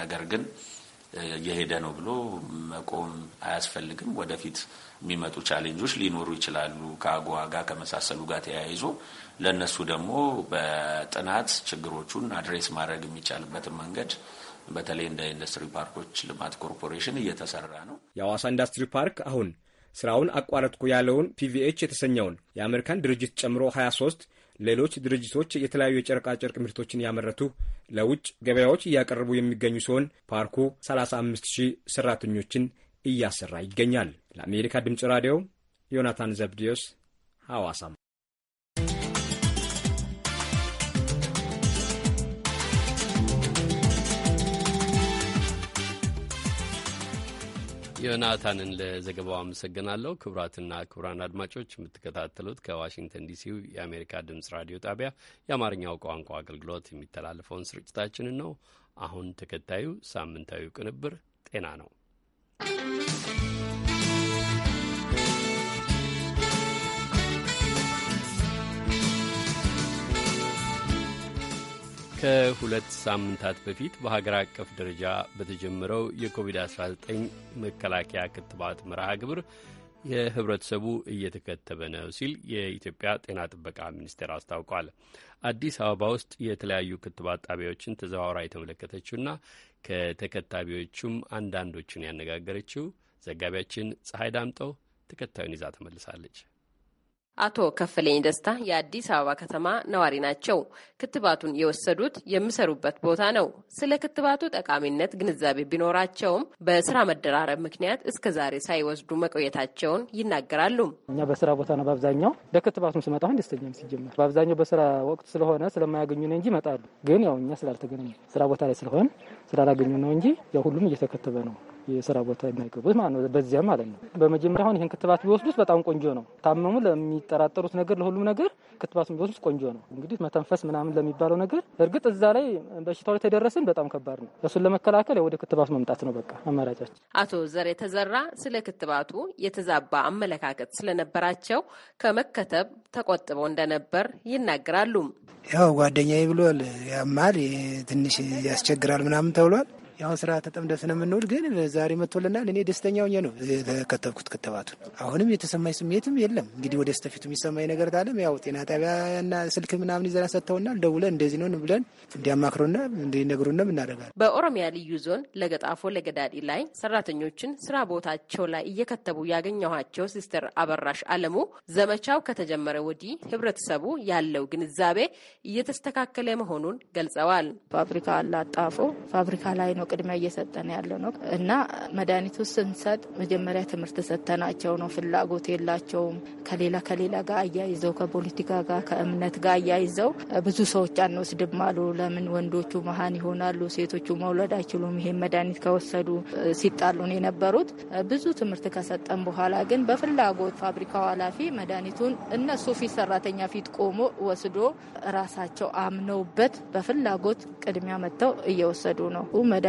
ነገር ግን እየሄደ ነው ብሎ መቆም አያስፈልግም። ወደፊት የሚመጡ ቻሌንጆች ሊኖሩ ይችላሉ፣ ከአጓ ጋር ከመሳሰሉ ጋር ተያይዞ ለእነሱ ደግሞ በጥናት ችግሮቹን አድሬስ ማድረግ የሚቻልበትን መንገድ በተለይ እንደ ኢንዱስትሪ ፓርኮች ልማት ኮርፖሬሽን እየተሰራ ነው። የአዋሳ ኢንዱስትሪ ፓርክ አሁን ስራውን አቋረጥኩ ያለውን ፒቪኤች የተሰኘውን የአሜሪካን ድርጅት ጨምሮ 23 ሌሎች ድርጅቶች የተለያዩ የጨርቃጨርቅ ምርቶችን ያመረቱ ለውጭ ገበያዎች እያቀረቡ የሚገኙ ሲሆን ፓርኩ 35 ሺህ ሰራተኞችን እያሰራ ይገኛል። ለአሜሪካ ድምፅ ራዲዮ ዮናታን ዘብዲዮስ ሐዋሳም ዮናታንን ለዘገባው አመሰግናለሁ። ክቡራትና ክቡራን አድማጮች የምትከታተሉት ከዋሽንግተን ዲሲው የአሜሪካ ድምጽ ራዲዮ ጣቢያ የአማርኛው ቋንቋ አገልግሎት የሚተላለፈውን ስርጭታችንን ነው። አሁን ተከታዩ ሳምንታዊ ቅንብር ጤና ነው። ከሁለት ሳምንታት በፊት በሀገር አቀፍ ደረጃ በተጀመረው የኮቪድ-19 መከላከያ ክትባት መርሃ ግብር የህብረተሰቡ እየተከተበ ነው ሲል የኢትዮጵያ ጤና ጥበቃ ሚኒስቴር አስታውቋል። አዲስ አበባ ውስጥ የተለያዩ ክትባት ጣቢያዎችን ተዘዋውራ የተመለከተችውና ከተከታቢዎቹም አንዳንዶቹን ያነጋገረችው ዘጋቢያችን ፀሐይ ዳምጠው ተከታዩን ይዛ ተመልሳለች። አቶ ከፈለኝ ደስታ የአዲስ አበባ ከተማ ነዋሪ ናቸው። ክትባቱን የወሰዱት የሚሰሩበት ቦታ ነው። ስለ ክትባቱ ጠቃሚነት ግንዛቤ ቢኖራቸውም በስራ መደራረብ ምክንያት እስከ ዛሬ ሳይወስዱ መቆየታቸውን ይናገራሉ። እኛ በስራ ቦታ ነው በአብዛኛው ለክትባቱም ስመጣ አሁን ደስተኛም ሲጀመር በአብዛኛው በስራ ወቅት ስለሆነ ስለማያገኙን እንጂ ይመጣሉ። ግን ያው እኛ ስላልተገናኘ ስራ ቦታ ላይ ስለሆን ስላላገኙ ነው እንጂ ያው ሁሉም እየተከተበ ነው የስራ ቦታ የማይገቡት ማለት ነው። በዚያም ማለት ነው። በመጀመሪያ አሁን ይህን ክትባት ቢወስዱት በጣም ቆንጆ ነው። ታመሙ ለሚጠራጠሩት ነገር፣ ለሁሉም ነገር ክትባቱ ቢወስዱት ቆንጆ ነው። እንግዲህ መተንፈስ ምናምን ለሚባለው ነገር እርግጥ እዛ ላይ በሽታው ላይ ተደረስን በጣም ከባድ ነው። እሱን ለመከላከል ወደ ክትባቱ መምጣት ነው በቃ አማራጫችን። አቶ ዘር የተዘራ ስለ ክትባቱ የተዛባ አመለካከት ስለነበራቸው ከመከተብ ተቆጥበው እንደነበር ይናገራሉ። ያው ጓደኛዬ ብሏል፣ ያማል፣ ትንሽ ያስቸግራል ምናምን ተብሏል ያሁን ስራ ተጠምደ ስለምንውል ግን ዛሬ መጥቶልናል። እኔ ደስተኛ ሆኜ ነው የተከተብኩት ክትባቱን። አሁንም የተሰማኝ ስሜትም የለም። እንግዲህ ወደ ስተፊቱ የሚሰማኝ ነገር ታለም ያው ጤና ጣቢያና ስልክ ምናምን ይዘና ሰጥተውናል። ደውለን እንደዚህ ነው ብለን እንዲያማክሩና እንዲነግሩና እናደርጋለን። በኦሮሚያ ልዩ ዞን ለገጣፎ ለገዳዲ ላይ ሰራተኞችን ስራ ቦታቸው ላይ እየከተቡ ያገኘኋቸው ሲስተር አበራሽ አለሙ ዘመቻው ከተጀመረ ወዲህ ህብረተሰቡ ያለው ግንዛቤ እየተስተካከለ መሆኑን ገልጸዋል። ፋብሪካ አላጣፎ ፋብሪካ ላይ ነው ቅድሚያ እየሰጠን ያለ ነው እና መድኃኒቱ ስንሰጥ መጀመሪያ ትምህርት ሰጥተናቸው ነው። ፍላጎት የላቸውም። ከሌላ ከሌላ ጋር አያይዘው ከፖለቲካ ጋር ከእምነት ጋር አያይዘው ብዙ ሰዎች አንወስድም አሉ። ለምን ወንዶቹ መሀን ይሆናሉ፣ ሴቶቹ መውለድ አይችሉም፣ ይሄን መድኃኒት ከወሰዱ ሲጣሉን የነበሩት ብዙ ትምህርት ከሰጠን በኋላ ግን በፍላጎት ፋብሪካው ኃላፊ መድኃኒቱን እነሱ ፊት ሰራተኛ ፊት ቆሞ ወስዶ ራሳቸው አምነውበት በፍላጎት ቅድሚያ መጥተው እየወሰዱ ነው።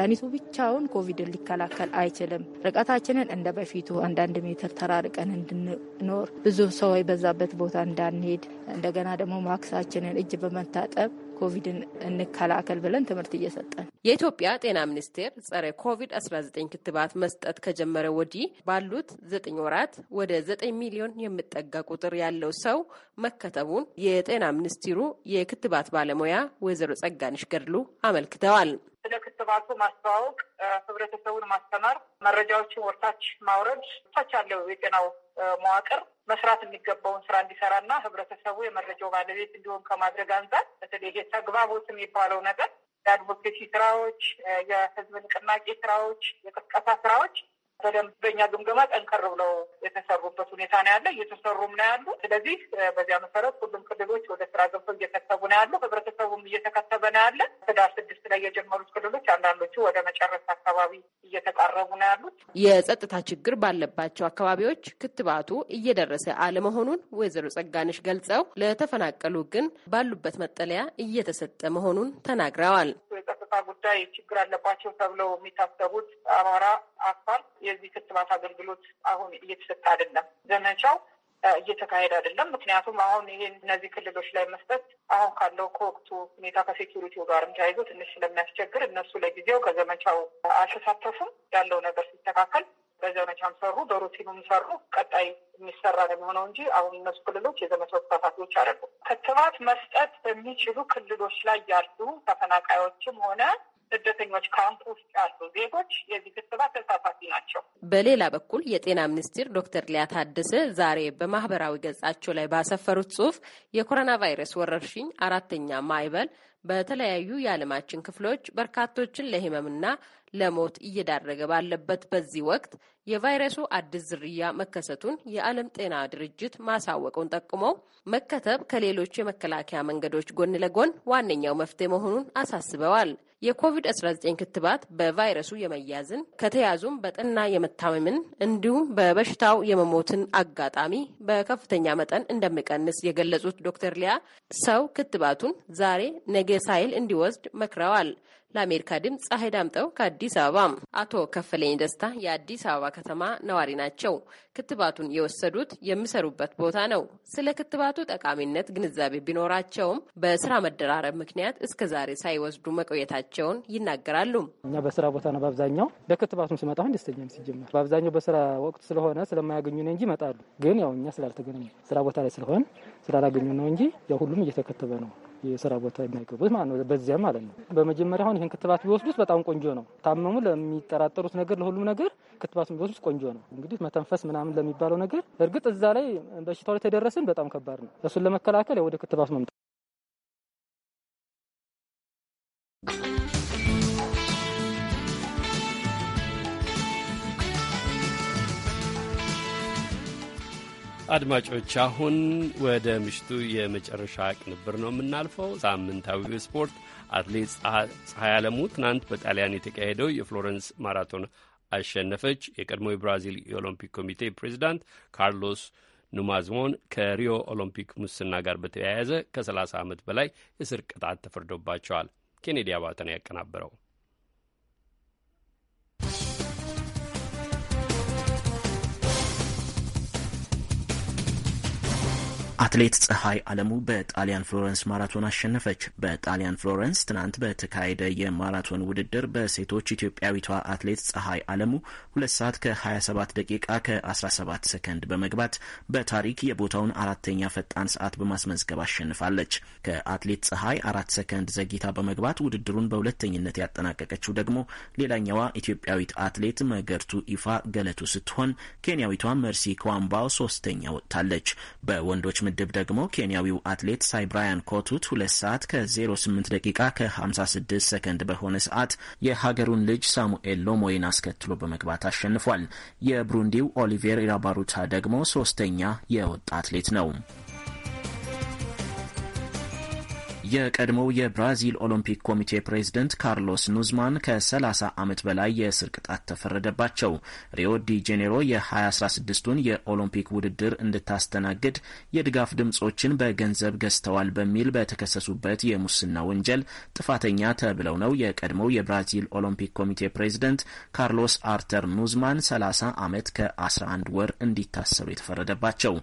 መድኃኒቱ ብቻውን ኮቪድን ሊከላከል አይችልም። ርቀታችንን እንደ በፊቱ አንዳንድ ሜትር ተራርቀን እንድንኖር፣ ብዙ ሰው የበዛበት ቦታ እንዳንሄድ፣ እንደገና ደግሞ ማክሳችንን እጅ በመታጠብ ኮቪድን እንከላከል ብለን ትምህርት እየሰጠን የኢትዮጵያ ጤና ሚኒስቴር ጸረ ኮቪድ-19 ክትባት መስጠት ከጀመረ ወዲህ ባሉት ዘጠኝ ወራት ወደ ዘጠኝ ሚሊዮን የሚጠጋ ቁጥር ያለው ሰው መከተቡን የጤና ሚኒስቴሩ የክትባት ባለሙያ ወይዘሮ ጸጋንሽ ገድሉ አመልክተዋል። ስለ ክትባቱ ማስተዋወቅ፣ ህብረተሰቡን ማስተማር፣ መረጃዎችን ወርታች ማውረድ ታች ያለው የጤናው መዋቅር መስራት የሚገባውን ስራ እንዲሰራ እና ህብረተሰቡ የመረጃው ባለቤት እንዲሆን ከማድረግ አንጻር በተለይ ይሄ ተግባቦት የሚባለው ነገር የአድቮኬሲ ስራዎች፣ የህዝብ ንቅናቄ ስራዎች፣ የቅስቀሳ ስራዎች በደንብ በእኛ ግምገማ ጠንከር ብለው የተሰሩበት ሁኔታ ነው ያለ፣ እየተሰሩም ነው ያሉ። ስለዚህ በዚያ መሰረት ሁሉም ክልሎች ወደ ስራ ገብተው እየከተቡ ነው ያሉ፣ ህብረተሰቡም እየተከተበ ነው ያለ። ህዳር ስድስት ላይ የጀመሩት ክልሎች አንዳንዶቹ ወደ መጨረስ አካባቢ እየተቃረቡ ነው ያሉት። የጸጥታ ችግር ባለባቸው አካባቢዎች ክትባቱ እየደረሰ አለመሆኑን ወይዘሮ ጸጋነሽ ገልጸው ለተፈናቀሉ ግን ባሉበት መጠለያ እየተሰጠ መሆኑን ተናግረዋል። ጉዳይ ችግር አለባቸው ተብለው የሚታሰቡት አማራ፣ አፋር የዚህ ክትባት አገልግሎት አሁን እየተሰጠ አይደለም። ዘመቻው እየተካሄደ አይደለም። ምክንያቱም አሁን ይህን እነዚህ ክልሎች ላይ መስጠት አሁን ካለው ከወቅቱ ሁኔታ ከሴኪሪቲው ጋርም ተያይዞ ትንሽ ስለሚያስቸግር እነሱ ለጊዜው ከዘመቻው አልተሳተፉም። ያለው ነገር ሲስተካከል በዘመቻም ሰሩ፣ በሩቲኑም ሰሩ። ቀጣይ የሚሰራ ነው የሚሆነው እንጂ አሁን እነሱ ክልሎች የዘመቻው ተሳታፊዎች አይደሉም። ክትባት መስጠት በሚችሉ ክልሎች ላይ ያሉ ተፈናቃዮችም ሆነ ስደተኞች ካምፕ ውስጥ ያሉ ዜጎች የዚህ ክትባት ተሳታፊ ናቸው። በሌላ በኩል የጤና ሚኒስትር ዶክተር ሊያ ታደሰ ዛሬ በማህበራዊ ገጻቸው ላይ ባሰፈሩት ጽሁፍ የኮሮና ቫይረስ ወረርሽኝ አራተኛ ማዕበል በተለያዩ የዓለማችን ክፍሎች በርካቶችን ለህመምና ለሞት እየዳረገ ባለበት በዚህ ወቅት የቫይረሱ አዲስ ዝርያ መከሰቱን የዓለም ጤና ድርጅት ማሳወቀውን ጠቁመው መከተብ ከሌሎች የመከላከያ መንገዶች ጎን ለጎን ዋነኛው መፍትሄ መሆኑን አሳስበዋል። የኮቪድ-19 ክትባት በቫይረሱ የመያዝን ከተያዙም በጠና የመታመምን እንዲሁም በበሽታው የመሞትን አጋጣሚ በከፍተኛ መጠን እንደሚቀንስ የገለጹት ዶክተር ሊያ ሰው ክትባቱን ዛሬ ነገ ሳይል እንዲወስድ መክረዋል። ለአሜሪካ ድምፅ ፀሐይ ዳምጠው ከአዲስ አበባ። አቶ ከፈለኝ ደስታ የአዲስ አበባ ከተማ ነዋሪ ናቸው። ክትባቱን የወሰዱት የሚሰሩበት ቦታ ነው። ስለ ክትባቱ ጠቃሚነት ግንዛቤ ቢኖራቸውም በስራ መደራረብ ምክንያት እስከ ዛሬ ሳይወስዱ መቆየታቸውን ይናገራሉ። እኛ በስራ ቦታ ነው በአብዛኛው። ለክትባቱም ስመጣ አሁን ሲጀመር በአብዛኛው በስራ ወቅት ስለሆነ ስለማያገኙ ነው እንጂ ይመጣሉ። ግን ያው እኛ ስላልተገናኘ ስራ ቦታ ላይ ስለሆን ስላላገኙ ነው እንጂ ያው ሁሉም እየተከተበ ነው የስራ ቦታ የማይገቡት ማለት ነው። በዚያም ማለት ነው። በመጀመሪያ አሁን ይህን ክትባት ቢወስዱት በጣም ቆንጆ ነው። ታመሙ ለሚጠራጠሩት ነገር፣ ለሁሉም ነገር ክትባቱን ቢወስዱት ቆንጆ ነው። እንግዲህ መተንፈስ ምናምን ለሚባለው ነገር እርግጥ እዛ ላይ በሽታው ላይ ተደረስን በጣም ከባድ ነው። እሱን ለመከላከል ወደ ክትባት መምጣት አድማጮች አሁን ወደ ምሽቱ የመጨረሻ ቅንብር ነው የምናልፈው። ሳምንታዊው ስፖርት አትሌት ፀሐይ አለሙ ትናንት በጣሊያን የተካሄደው የፍሎረንስ ማራቶን አሸነፈች። የቀድሞ የብራዚል የኦሎምፒክ ኮሚቴ ፕሬዚዳንት ካርሎስ ኑማዝሞን ከሪዮ ኦሎምፒክ ሙስና ጋር በተያያዘ ከ30 ዓመት በላይ እስር ቅጣት ተፈርዶባቸዋል። ኬኔዲ አባተ ነው ያቀናበረው። አትሌት ፀሐይ አለሙ በጣሊያን ፍሎረንስ ማራቶን አሸነፈች። በጣሊያን ፍሎረንስ ትናንት በተካሄደ የማራቶን ውድድር በሴቶች ኢትዮጵያዊቷ አትሌት ፀሐይ አለሙ ሁለት ሰዓት ከ27 ደቂቃ ከ17 ሰከንድ በመግባት በታሪክ የቦታውን አራተኛ ፈጣን ሰዓት በማስመዝገብ አሸንፋለች። ከአትሌት ፀሐይ አራት ሰከንድ ዘግይታ በመግባት ውድድሩን በሁለተኝነት ያጠናቀቀችው ደግሞ ሌላኛዋ ኢትዮጵያዊት አትሌት መገርቱ ኢፋ ገለቱ ስትሆን ኬንያዊቷ መርሲ ከዋምባው ሶስተኛ ወጥታለች። በወንዶች ምድብ ደግሞ ኬንያዊው አትሌት ሳይብራያን ኮቱት ሁለት ሰዓት ከ08 ደቂቃ ከ56 ሰከንድ በሆነ ሰዓት የሀገሩን ልጅ ሳሙኤል ሎሞይን አስከትሎ በመግባት አሸንፏል። የብሩንዲው ኦሊቬር ኢራባሩታ ደግሞ ሶስተኛ የወጣ አትሌት ነው። የቀድሞው የብራዚል ኦሎምፒክ ኮሚቴ ፕሬዝደንት ካርሎስ ኑዝማን ከ30 ዓመት በላይ የእስር ቅጣት ተፈረደባቸው። ሪዮ ዲ ጄኔሮ የ2016ቱን የኦሎምፒክ ውድድር እንድታስተናግድ የድጋፍ ድምፆችን በገንዘብ ገዝተዋል በሚል በተከሰሱበት የሙስና ወንጀል ጥፋተኛ ተብለው ነው የቀድሞው የብራዚል ኦሎምፒክ ኮሚቴ ፕሬዝደንት ካርሎስ አርተር ኑዝማን 30 ዓመት ከ11 ወር እንዲታሰሩ የተፈረደባቸው።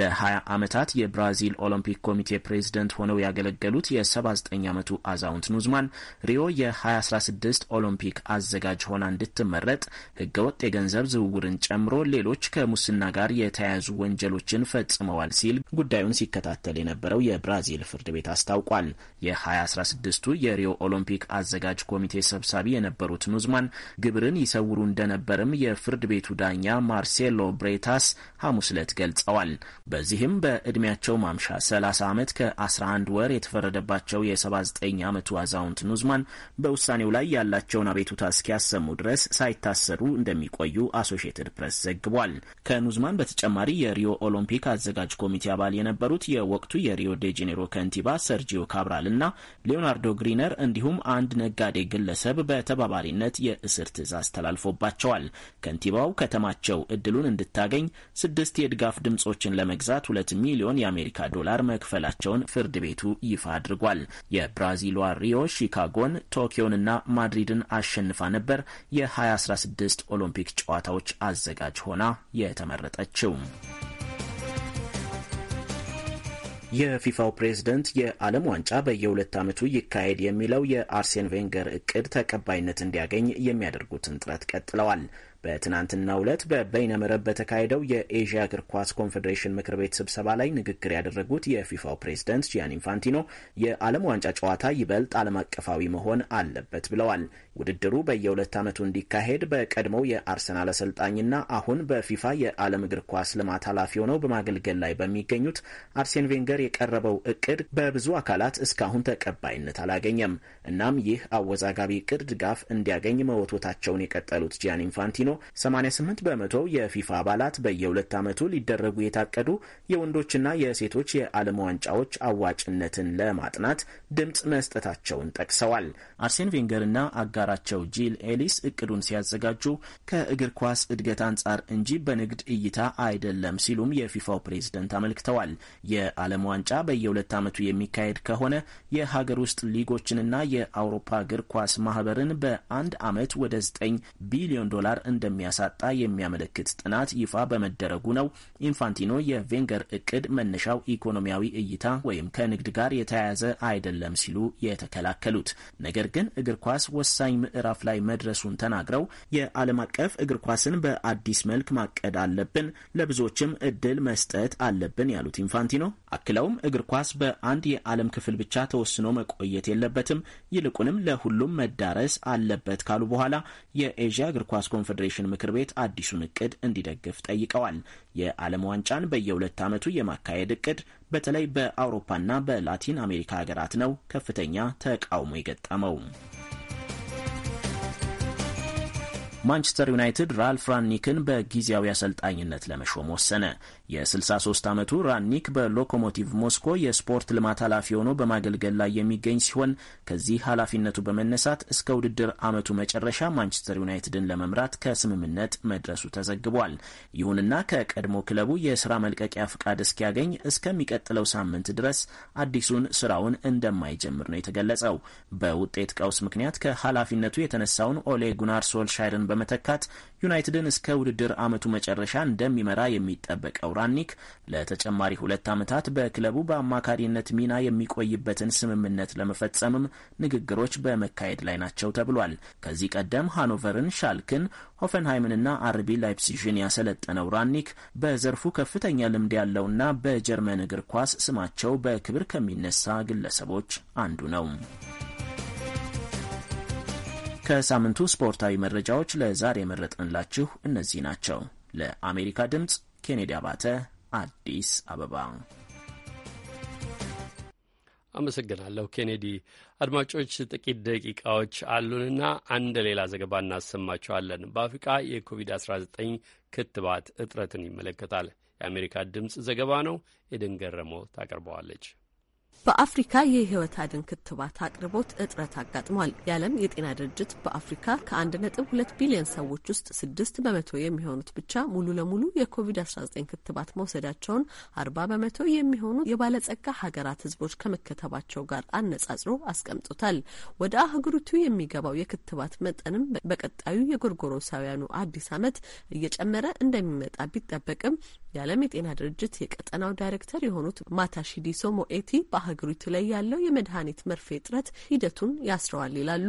ለ20 ዓመታት የብራዚል ኦሎምፒክ ኮሚቴ ፕሬዝደንት ሆነው ያገለገሉት የ79 ዓመቱ አዛውንት ኑዝማን ሪዮ የ2016 ኦሎምፒክ አዘጋጅ ሆና እንድትመረጥ ህገወጥ የገንዘብ ዝውውርን ጨምሮ ሌሎች ከሙስና ጋር የተያያዙ ወንጀሎችን ፈጽመዋል ሲል ጉዳዩን ሲከታተል የነበረው የብራዚል ፍርድ ቤት አስታውቋል። የ2016ቱ የሪዮ ኦሎምፒክ አዘጋጅ ኮሚቴ ሰብሳቢ የነበሩት ኑዝማን ግብርን ይሰውሩ እንደነበርም የፍርድ ቤቱ ዳኛ ማርሴሎ ብሬታስ ሐሙስ ዕለት ገልጸዋል። በዚህም በዕድሜያቸው ማምሻ 30 ዓመት ከ11 ወር የተፈረደ የተፈረደባቸው የ79 ዓመቱ አዛውንት ኑዝማን በውሳኔው ላይ ያላቸውን አቤቱታ እስኪያሰሙ ድረስ ሳይታሰሩ እንደሚቆዩ አሶሽየትድ ፕሬስ ዘግቧል። ከኑዝማን በተጨማሪ የሪዮ ኦሎምፒክ አዘጋጅ ኮሚቴ አባል የነበሩት የወቅቱ የሪዮ ዴ ጄኔሮ ከንቲባ ሰርጂዮ ካብራል እና ሊዮናርዶ ግሪነር እንዲሁም አንድ ነጋዴ ግለሰብ በተባባሪነት የእስር ትዕዛዝ ተላልፎባቸዋል። ከንቲባው ከተማቸው እድሉን እንድታገኝ ስድስት የድጋፍ ድምጾችን ለመግዛት ሁለት ሚሊዮን የአሜሪካ ዶላር መክፈላቸውን ፍርድ ቤቱ ይፋ አድርጓል። አድርጓል። የብራዚሏ ሪዮ ሺካጎን፣ ቶኪዮንና ማድሪድን አሸንፋ ነበር የ2016 ኦሎምፒክ ጨዋታዎች አዘጋጅ ሆና የተመረጠችው። የፊፋው ፕሬዝደንት የዓለም ዋንጫ በየሁለት ዓመቱ ይካሄድ የሚለው የአርሴን ቬንገር እቅድ ተቀባይነት እንዲያገኝ የሚያደርጉትን ጥረት ቀጥለዋል። በትናንትናው ዕለት በበይነመረብ በተካሄደው የኤዥያ እግር ኳስ ኮንፌዴሬሽን ምክር ቤት ስብሰባ ላይ ንግግር ያደረጉት የፊፋው ፕሬዝደንት ጂያን ኢንፋንቲኖ የዓለም ዋንጫ ጨዋታ ይበልጥ ዓለም አቀፋዊ መሆን አለበት ብለዋል። ውድድሩ በየሁለት ዓመቱ እንዲካሄድ በቀድሞው የአርሰናል አሰልጣኝና አሁን በፊፋ የዓለም እግር ኳስ ልማት ኃላፊ ሆነው በማገልገል ላይ በሚገኙት አርሴን ቬንገር የቀረበው እቅድ በብዙ አካላት እስካሁን ተቀባይነት አላገኘም። እናም ይህ አወዛጋቢ እቅድ ድጋፍ እንዲያገኝ መወትወታቸውን የቀጠሉት ጂያን ኢንፋንቲኖ 88 በመቶ የፊፋ አባላት በየሁለት ዓመቱ ሊደረጉ የታቀዱ የወንዶችና የሴቶች የዓለም ዋንጫዎች አዋጭነትን ለማጥናት ድምፅ መስጠታቸውን ጠቅሰዋል። አርሴን ቬንገርና አጋ አጋራቸው ጂል ኤሊስ እቅዱን ሲያዘጋጁ ከእግር ኳስ እድገት አንጻር እንጂ በንግድ እይታ አይደለም ሲሉም የፊፋው ፕሬዝደንት አመልክተዋል። የዓለም ዋንጫ በየሁለት ዓመቱ የሚካሄድ ከሆነ የሀገር ውስጥ ሊጎችንና የአውሮፓ እግር ኳስ ማህበርን በአንድ ዓመት ወደ 9 ቢሊዮን ዶላር እንደሚያሳጣ የሚያመለክት ጥናት ይፋ በመደረጉ ነው ኢንፋንቲኖ የቬንገር እቅድ መነሻው ኢኮኖሚያዊ እይታ ወይም ከንግድ ጋር የተያያዘ አይደለም ሲሉ የተከላከሉት። ነገር ግን እግር ኳስ ወሳኝ ወሳኝ ምዕራፍ ላይ መድረሱን ተናግረው የዓለም አቀፍ እግር ኳስን በአዲስ መልክ ማቀድ አለብን፣ ለብዙዎችም እድል መስጠት አለብን ያሉት ኢንፋንቲኖ አክለውም እግር ኳስ በአንድ የዓለም ክፍል ብቻ ተወስኖ መቆየት የለበትም፣ ይልቁንም ለሁሉም መዳረስ አለበት ካሉ በኋላ የኤዥያ እግር ኳስ ኮንፌዴሬሽን ምክር ቤት አዲሱን እቅድ እንዲደግፍ ጠይቀዋል። የዓለም ዋንጫን በየሁለት ዓመቱ የማካሄድ እቅድ በተለይ በአውሮፓና በላቲን አሜሪካ ሀገራት ነው ከፍተኛ ተቃውሞ የገጠመው። ማንቸስተር ዩናይትድ ራልፍ ራኒክን በጊዜያዊ አሰልጣኝነት ለመሾም ወሰነ። የ63 ዓመቱ ራኒክ በሎኮሞቲቭ ሞስኮ የስፖርት ልማት ኃላፊ ሆኖ በማገልገል ላይ የሚገኝ ሲሆን ከዚህ ኃላፊነቱ በመነሳት እስከ ውድድር ዓመቱ መጨረሻ ማንቸስተር ዩናይትድን ለመምራት ከስምምነት መድረሱ ተዘግቧል። ይሁንና ከቀድሞ ክለቡ የስራ መልቀቂያ ፍቃድ እስኪያገኝ እስከሚቀጥለው ሳምንት ድረስ አዲሱን ስራውን እንደማይጀምር ነው የተገለጸው። በውጤት ቀውስ ምክንያት ከኃላፊነቱ የተነሳውን ኦሌ ጉናር ሶልሻይርን በመተካት ዩናይትድን እስከ ውድድር ዓመቱ መጨረሻ እንደሚመራ የሚጠበቀው ራኒክ ለተጨማሪ ሁለት ዓመታት በክለቡ በአማካሪነት ሚና የሚቆይበትን ስምምነት ለመፈጸምም ንግግሮች በመካሄድ ላይ ናቸው ተብሏል። ከዚህ ቀደም ሃኖቨርን፣ ሻልክን፣ ሆፈንሃይምንና አርቢ ላይፕሲሽን ያሰለጠነው ራኒክ በዘርፉ ከፍተኛ ልምድ ያለውና በጀርመን እግር ኳስ ስማቸው በክብር ከሚነሳ ግለሰቦች አንዱ ነው። ከሳምንቱ ስፖርታዊ መረጃዎች ለዛሬ የመረጥንላችሁ እነዚህ ናቸው። ለአሜሪካ ድምፅ ኬኔዲ አባተ አዲስ አበባ። አመሰግናለሁ ኬኔዲ። አድማጮች ጥቂት ደቂቃዎች አሉንና አንድ ሌላ ዘገባ እናሰማቸዋለን። በአፍሪቃ የኮቪድ-19 ክትባት እጥረትን ይመለከታል። የአሜሪካ ድምፅ ዘገባ ነው። ኤደን ገረመው ታቀርበዋለች። በአፍሪካ የህይወት አድን ክትባት አቅርቦት እጥረት አጋጥሟል። የዓለም የጤና ድርጅት በአፍሪካ ከ1.2 ቢሊዮን ሰዎች ውስጥ ስድስት በመቶ የሚሆኑት ብቻ ሙሉ ለሙሉ የኮቪድ-19 ክትባት መውሰዳቸውን 40 በመቶ የሚሆኑ የባለጸጋ ሀገራት ህዝቦች ከመከተባቸው ጋር አነጻጽሮ አስቀምጦታል። ወደ አህጉሪቱ የሚገባው የክትባት መጠንም በቀጣዩ የጎርጎሮሳውያኑ አዲስ ዓመት እየጨመረ እንደሚመጣ ቢጠበቅም የዓለም የጤና ድርጅት የቀጠናው ዳይሬክተር የሆኑት ማታሺዲሶ ሞኤቲ በሀገሪቱ ላይ ያለው የመድኃኒት መርፌ እጥረት ሂደቱን ያስረዋል ይላሉ።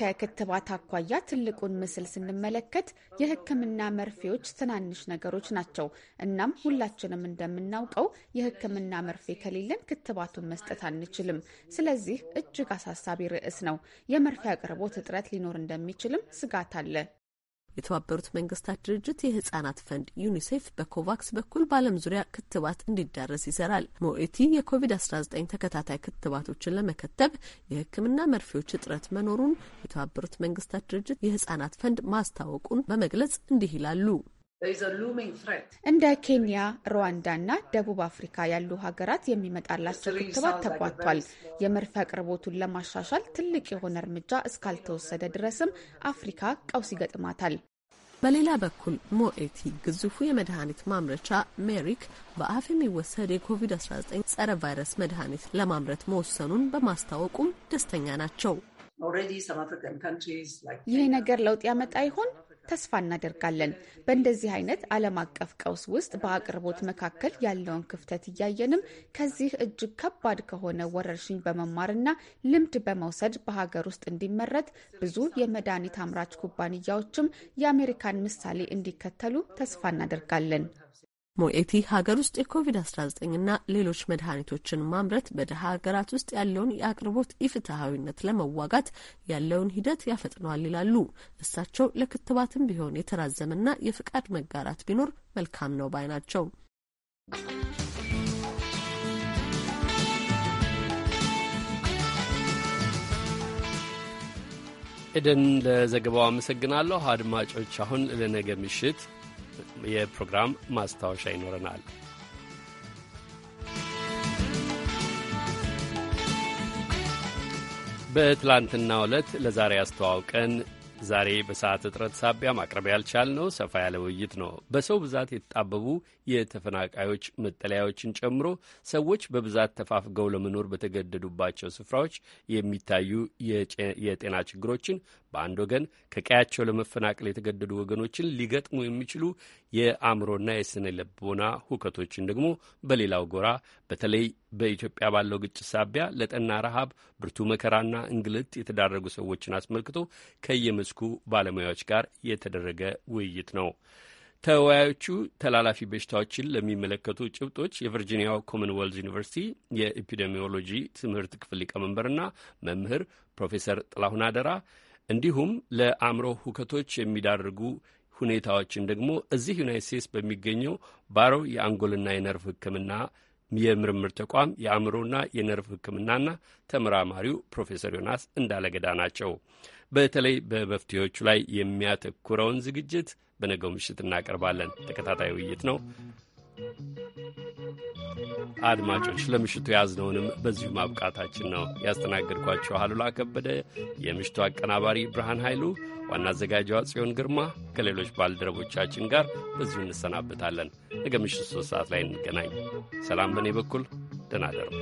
ከክትባት አኳያ ትልቁን ምስል ስንመለከት የሕክምና መርፌዎች ትናንሽ ነገሮች ናቸው። እናም ሁላችንም እንደምናውቀው የሕክምና መርፌ ከሌለን ክትባቱን መስጠት አንችልም። ስለዚህ እጅግ አሳሳቢ ርዕስ ነው። የመርፌ አቅርቦት እጥረት ሊኖር እንደሚችልም ስጋት አለ። የተባበሩት መንግስታት ድርጅት የህጻናት ፈንድ ዩኒሴፍ በኮቫክስ በኩል በዓለም ዙሪያ ክትባት እንዲዳረስ ይሰራል። ሞኤቲ የኮቪድ-19 ተከታታይ ክትባቶችን ለመከተብ የህክምና መርፌዎች እጥረት መኖሩን የተባበሩት መንግስታት ድርጅት የህጻናት ፈንድ ማስታወቁን በመግለጽ እንዲህ ይላሉ። እንደ ኬንያ፣ ሩዋንዳ እና ደቡብ አፍሪካ ያሉ ሀገራት የሚመጣላቸው ክትባት ተጓቷል። የመርፌ አቅርቦቱን ለማሻሻል ትልቅ የሆነ እርምጃ እስካልተወሰደ ድረስም አፍሪካ ቀውስ ይገጥማታል። በሌላ በኩል ሞኤቲ ግዙፉ የመድኃኒት ማምረቻ ሜሪክ በአፍ የሚወሰድ የኮቪድ-19 ጸረ ቫይረስ መድኃኒት ለማምረት መወሰኑን በማስታወቁም ደስተኛ ናቸው። ይህ ነገር ለውጥ ያመጣ ይሆን? ተስፋ እናደርጋለን። በእንደዚህ አይነት ዓለም አቀፍ ቀውስ ውስጥ በአቅርቦት መካከል ያለውን ክፍተት እያየንም ከዚህ እጅግ ከባድ ከሆነ ወረርሽኝ በመማርና ልምድ በመውሰድ በሀገር ውስጥ እንዲመረት ብዙ የመድኃኒት አምራች ኩባንያዎችም የአሜሪካን ምሳሌ እንዲከተሉ ተስፋ እናደርጋለን። ሞኤቲ ሀገር ውስጥ የኮቪድ-19ና ሌሎች መድኃኒቶችን ማምረት በድሀ ሀገራት ውስጥ ያለውን የአቅርቦት ኢፍትሐዊነት ለመዋጋት ያለውን ሂደት ያፈጥነዋል ይላሉ። እሳቸው ለክትባትም ቢሆን የተራዘመና የፍቃድ መጋራት ቢኖር መልካም ነው ባይ ናቸው። ኤደን ለዘገባው አመሰግናለሁ። አድማጮች አሁን ለነገ ምሽት የፕሮግራም ማስታወሻ ይኖረናል። በትላንትና ዕለት ለዛሬ አስተዋውቀን ዛሬ በሰዓት እጥረት ሳቢያ ማቅረብ ያልቻልነው ሰፋ ያለ ውይይት ነው። በሰው ብዛት የተጣበቡ የተፈናቃዮች መጠለያዎችን ጨምሮ ሰዎች በብዛት ተፋፍገው ለመኖር በተገደዱባቸው ስፍራዎች የሚታዩ የጤና ችግሮችን በአንድ ወገን ከቀያቸው ለመፈናቀል የተገደዱ ወገኖችን ሊገጥሙ የሚችሉ የአእምሮና የስነ ልቦና ሁከቶችን ደግሞ በሌላው ጎራ በተለይ በኢትዮጵያ ባለው ግጭት ሳቢያ ለጠና ረሃብ፣ ብርቱ መከራና እንግልት የተዳረጉ ሰዎችን አስመልክቶ ከየመስኩ ባለሙያዎች ጋር የተደረገ ውይይት ነው። ተወያዮቹ ተላላፊ በሽታዎችን ለሚመለከቱ ጭብጦች የቨርጂኒያው ኮመንዌልዝ ዩኒቨርሲቲ የኢፒዴሚዮሎጂ ትምህርት ክፍል ሊቀመንበርና መምህር ፕሮፌሰር ጥላሁን አደራ እንዲሁም ለአእምሮ ሁከቶች የሚዳርጉ ሁኔታዎችን ደግሞ እዚህ ዩናይት ስቴትስ በሚገኘው ባሮ የአንጎልና የነርቭ ሕክምና የምርምር ተቋም የአእምሮና የነርቭ ሕክምናና ተመራማሪው ፕሮፌሰር ዮናስ እንዳለገዳ ናቸው። በተለይ በመፍትሄዎቹ ላይ የሚያተኩረውን ዝግጅት በነገው ምሽት እናቀርባለን። ተከታታይ ውይይት ነው። አድማጮች ለምሽቱ የያዝነውንም በዚሁ ማብቃታችን ነው። ያስተናገድኳቸው አሉላ ከበደ፣ የምሽቱ አቀናባሪ ብርሃን ኃይሉ፣ ዋና አዘጋጇ ጽዮን ግርማ ከሌሎች ባልደረቦቻችን ጋር በዚሁ እንሰናበታለን። ነገ ምሽት ሶስት ሰዓት ላይ እንገናኝ። ሰላም በእኔ በኩል ደህና ደሩ።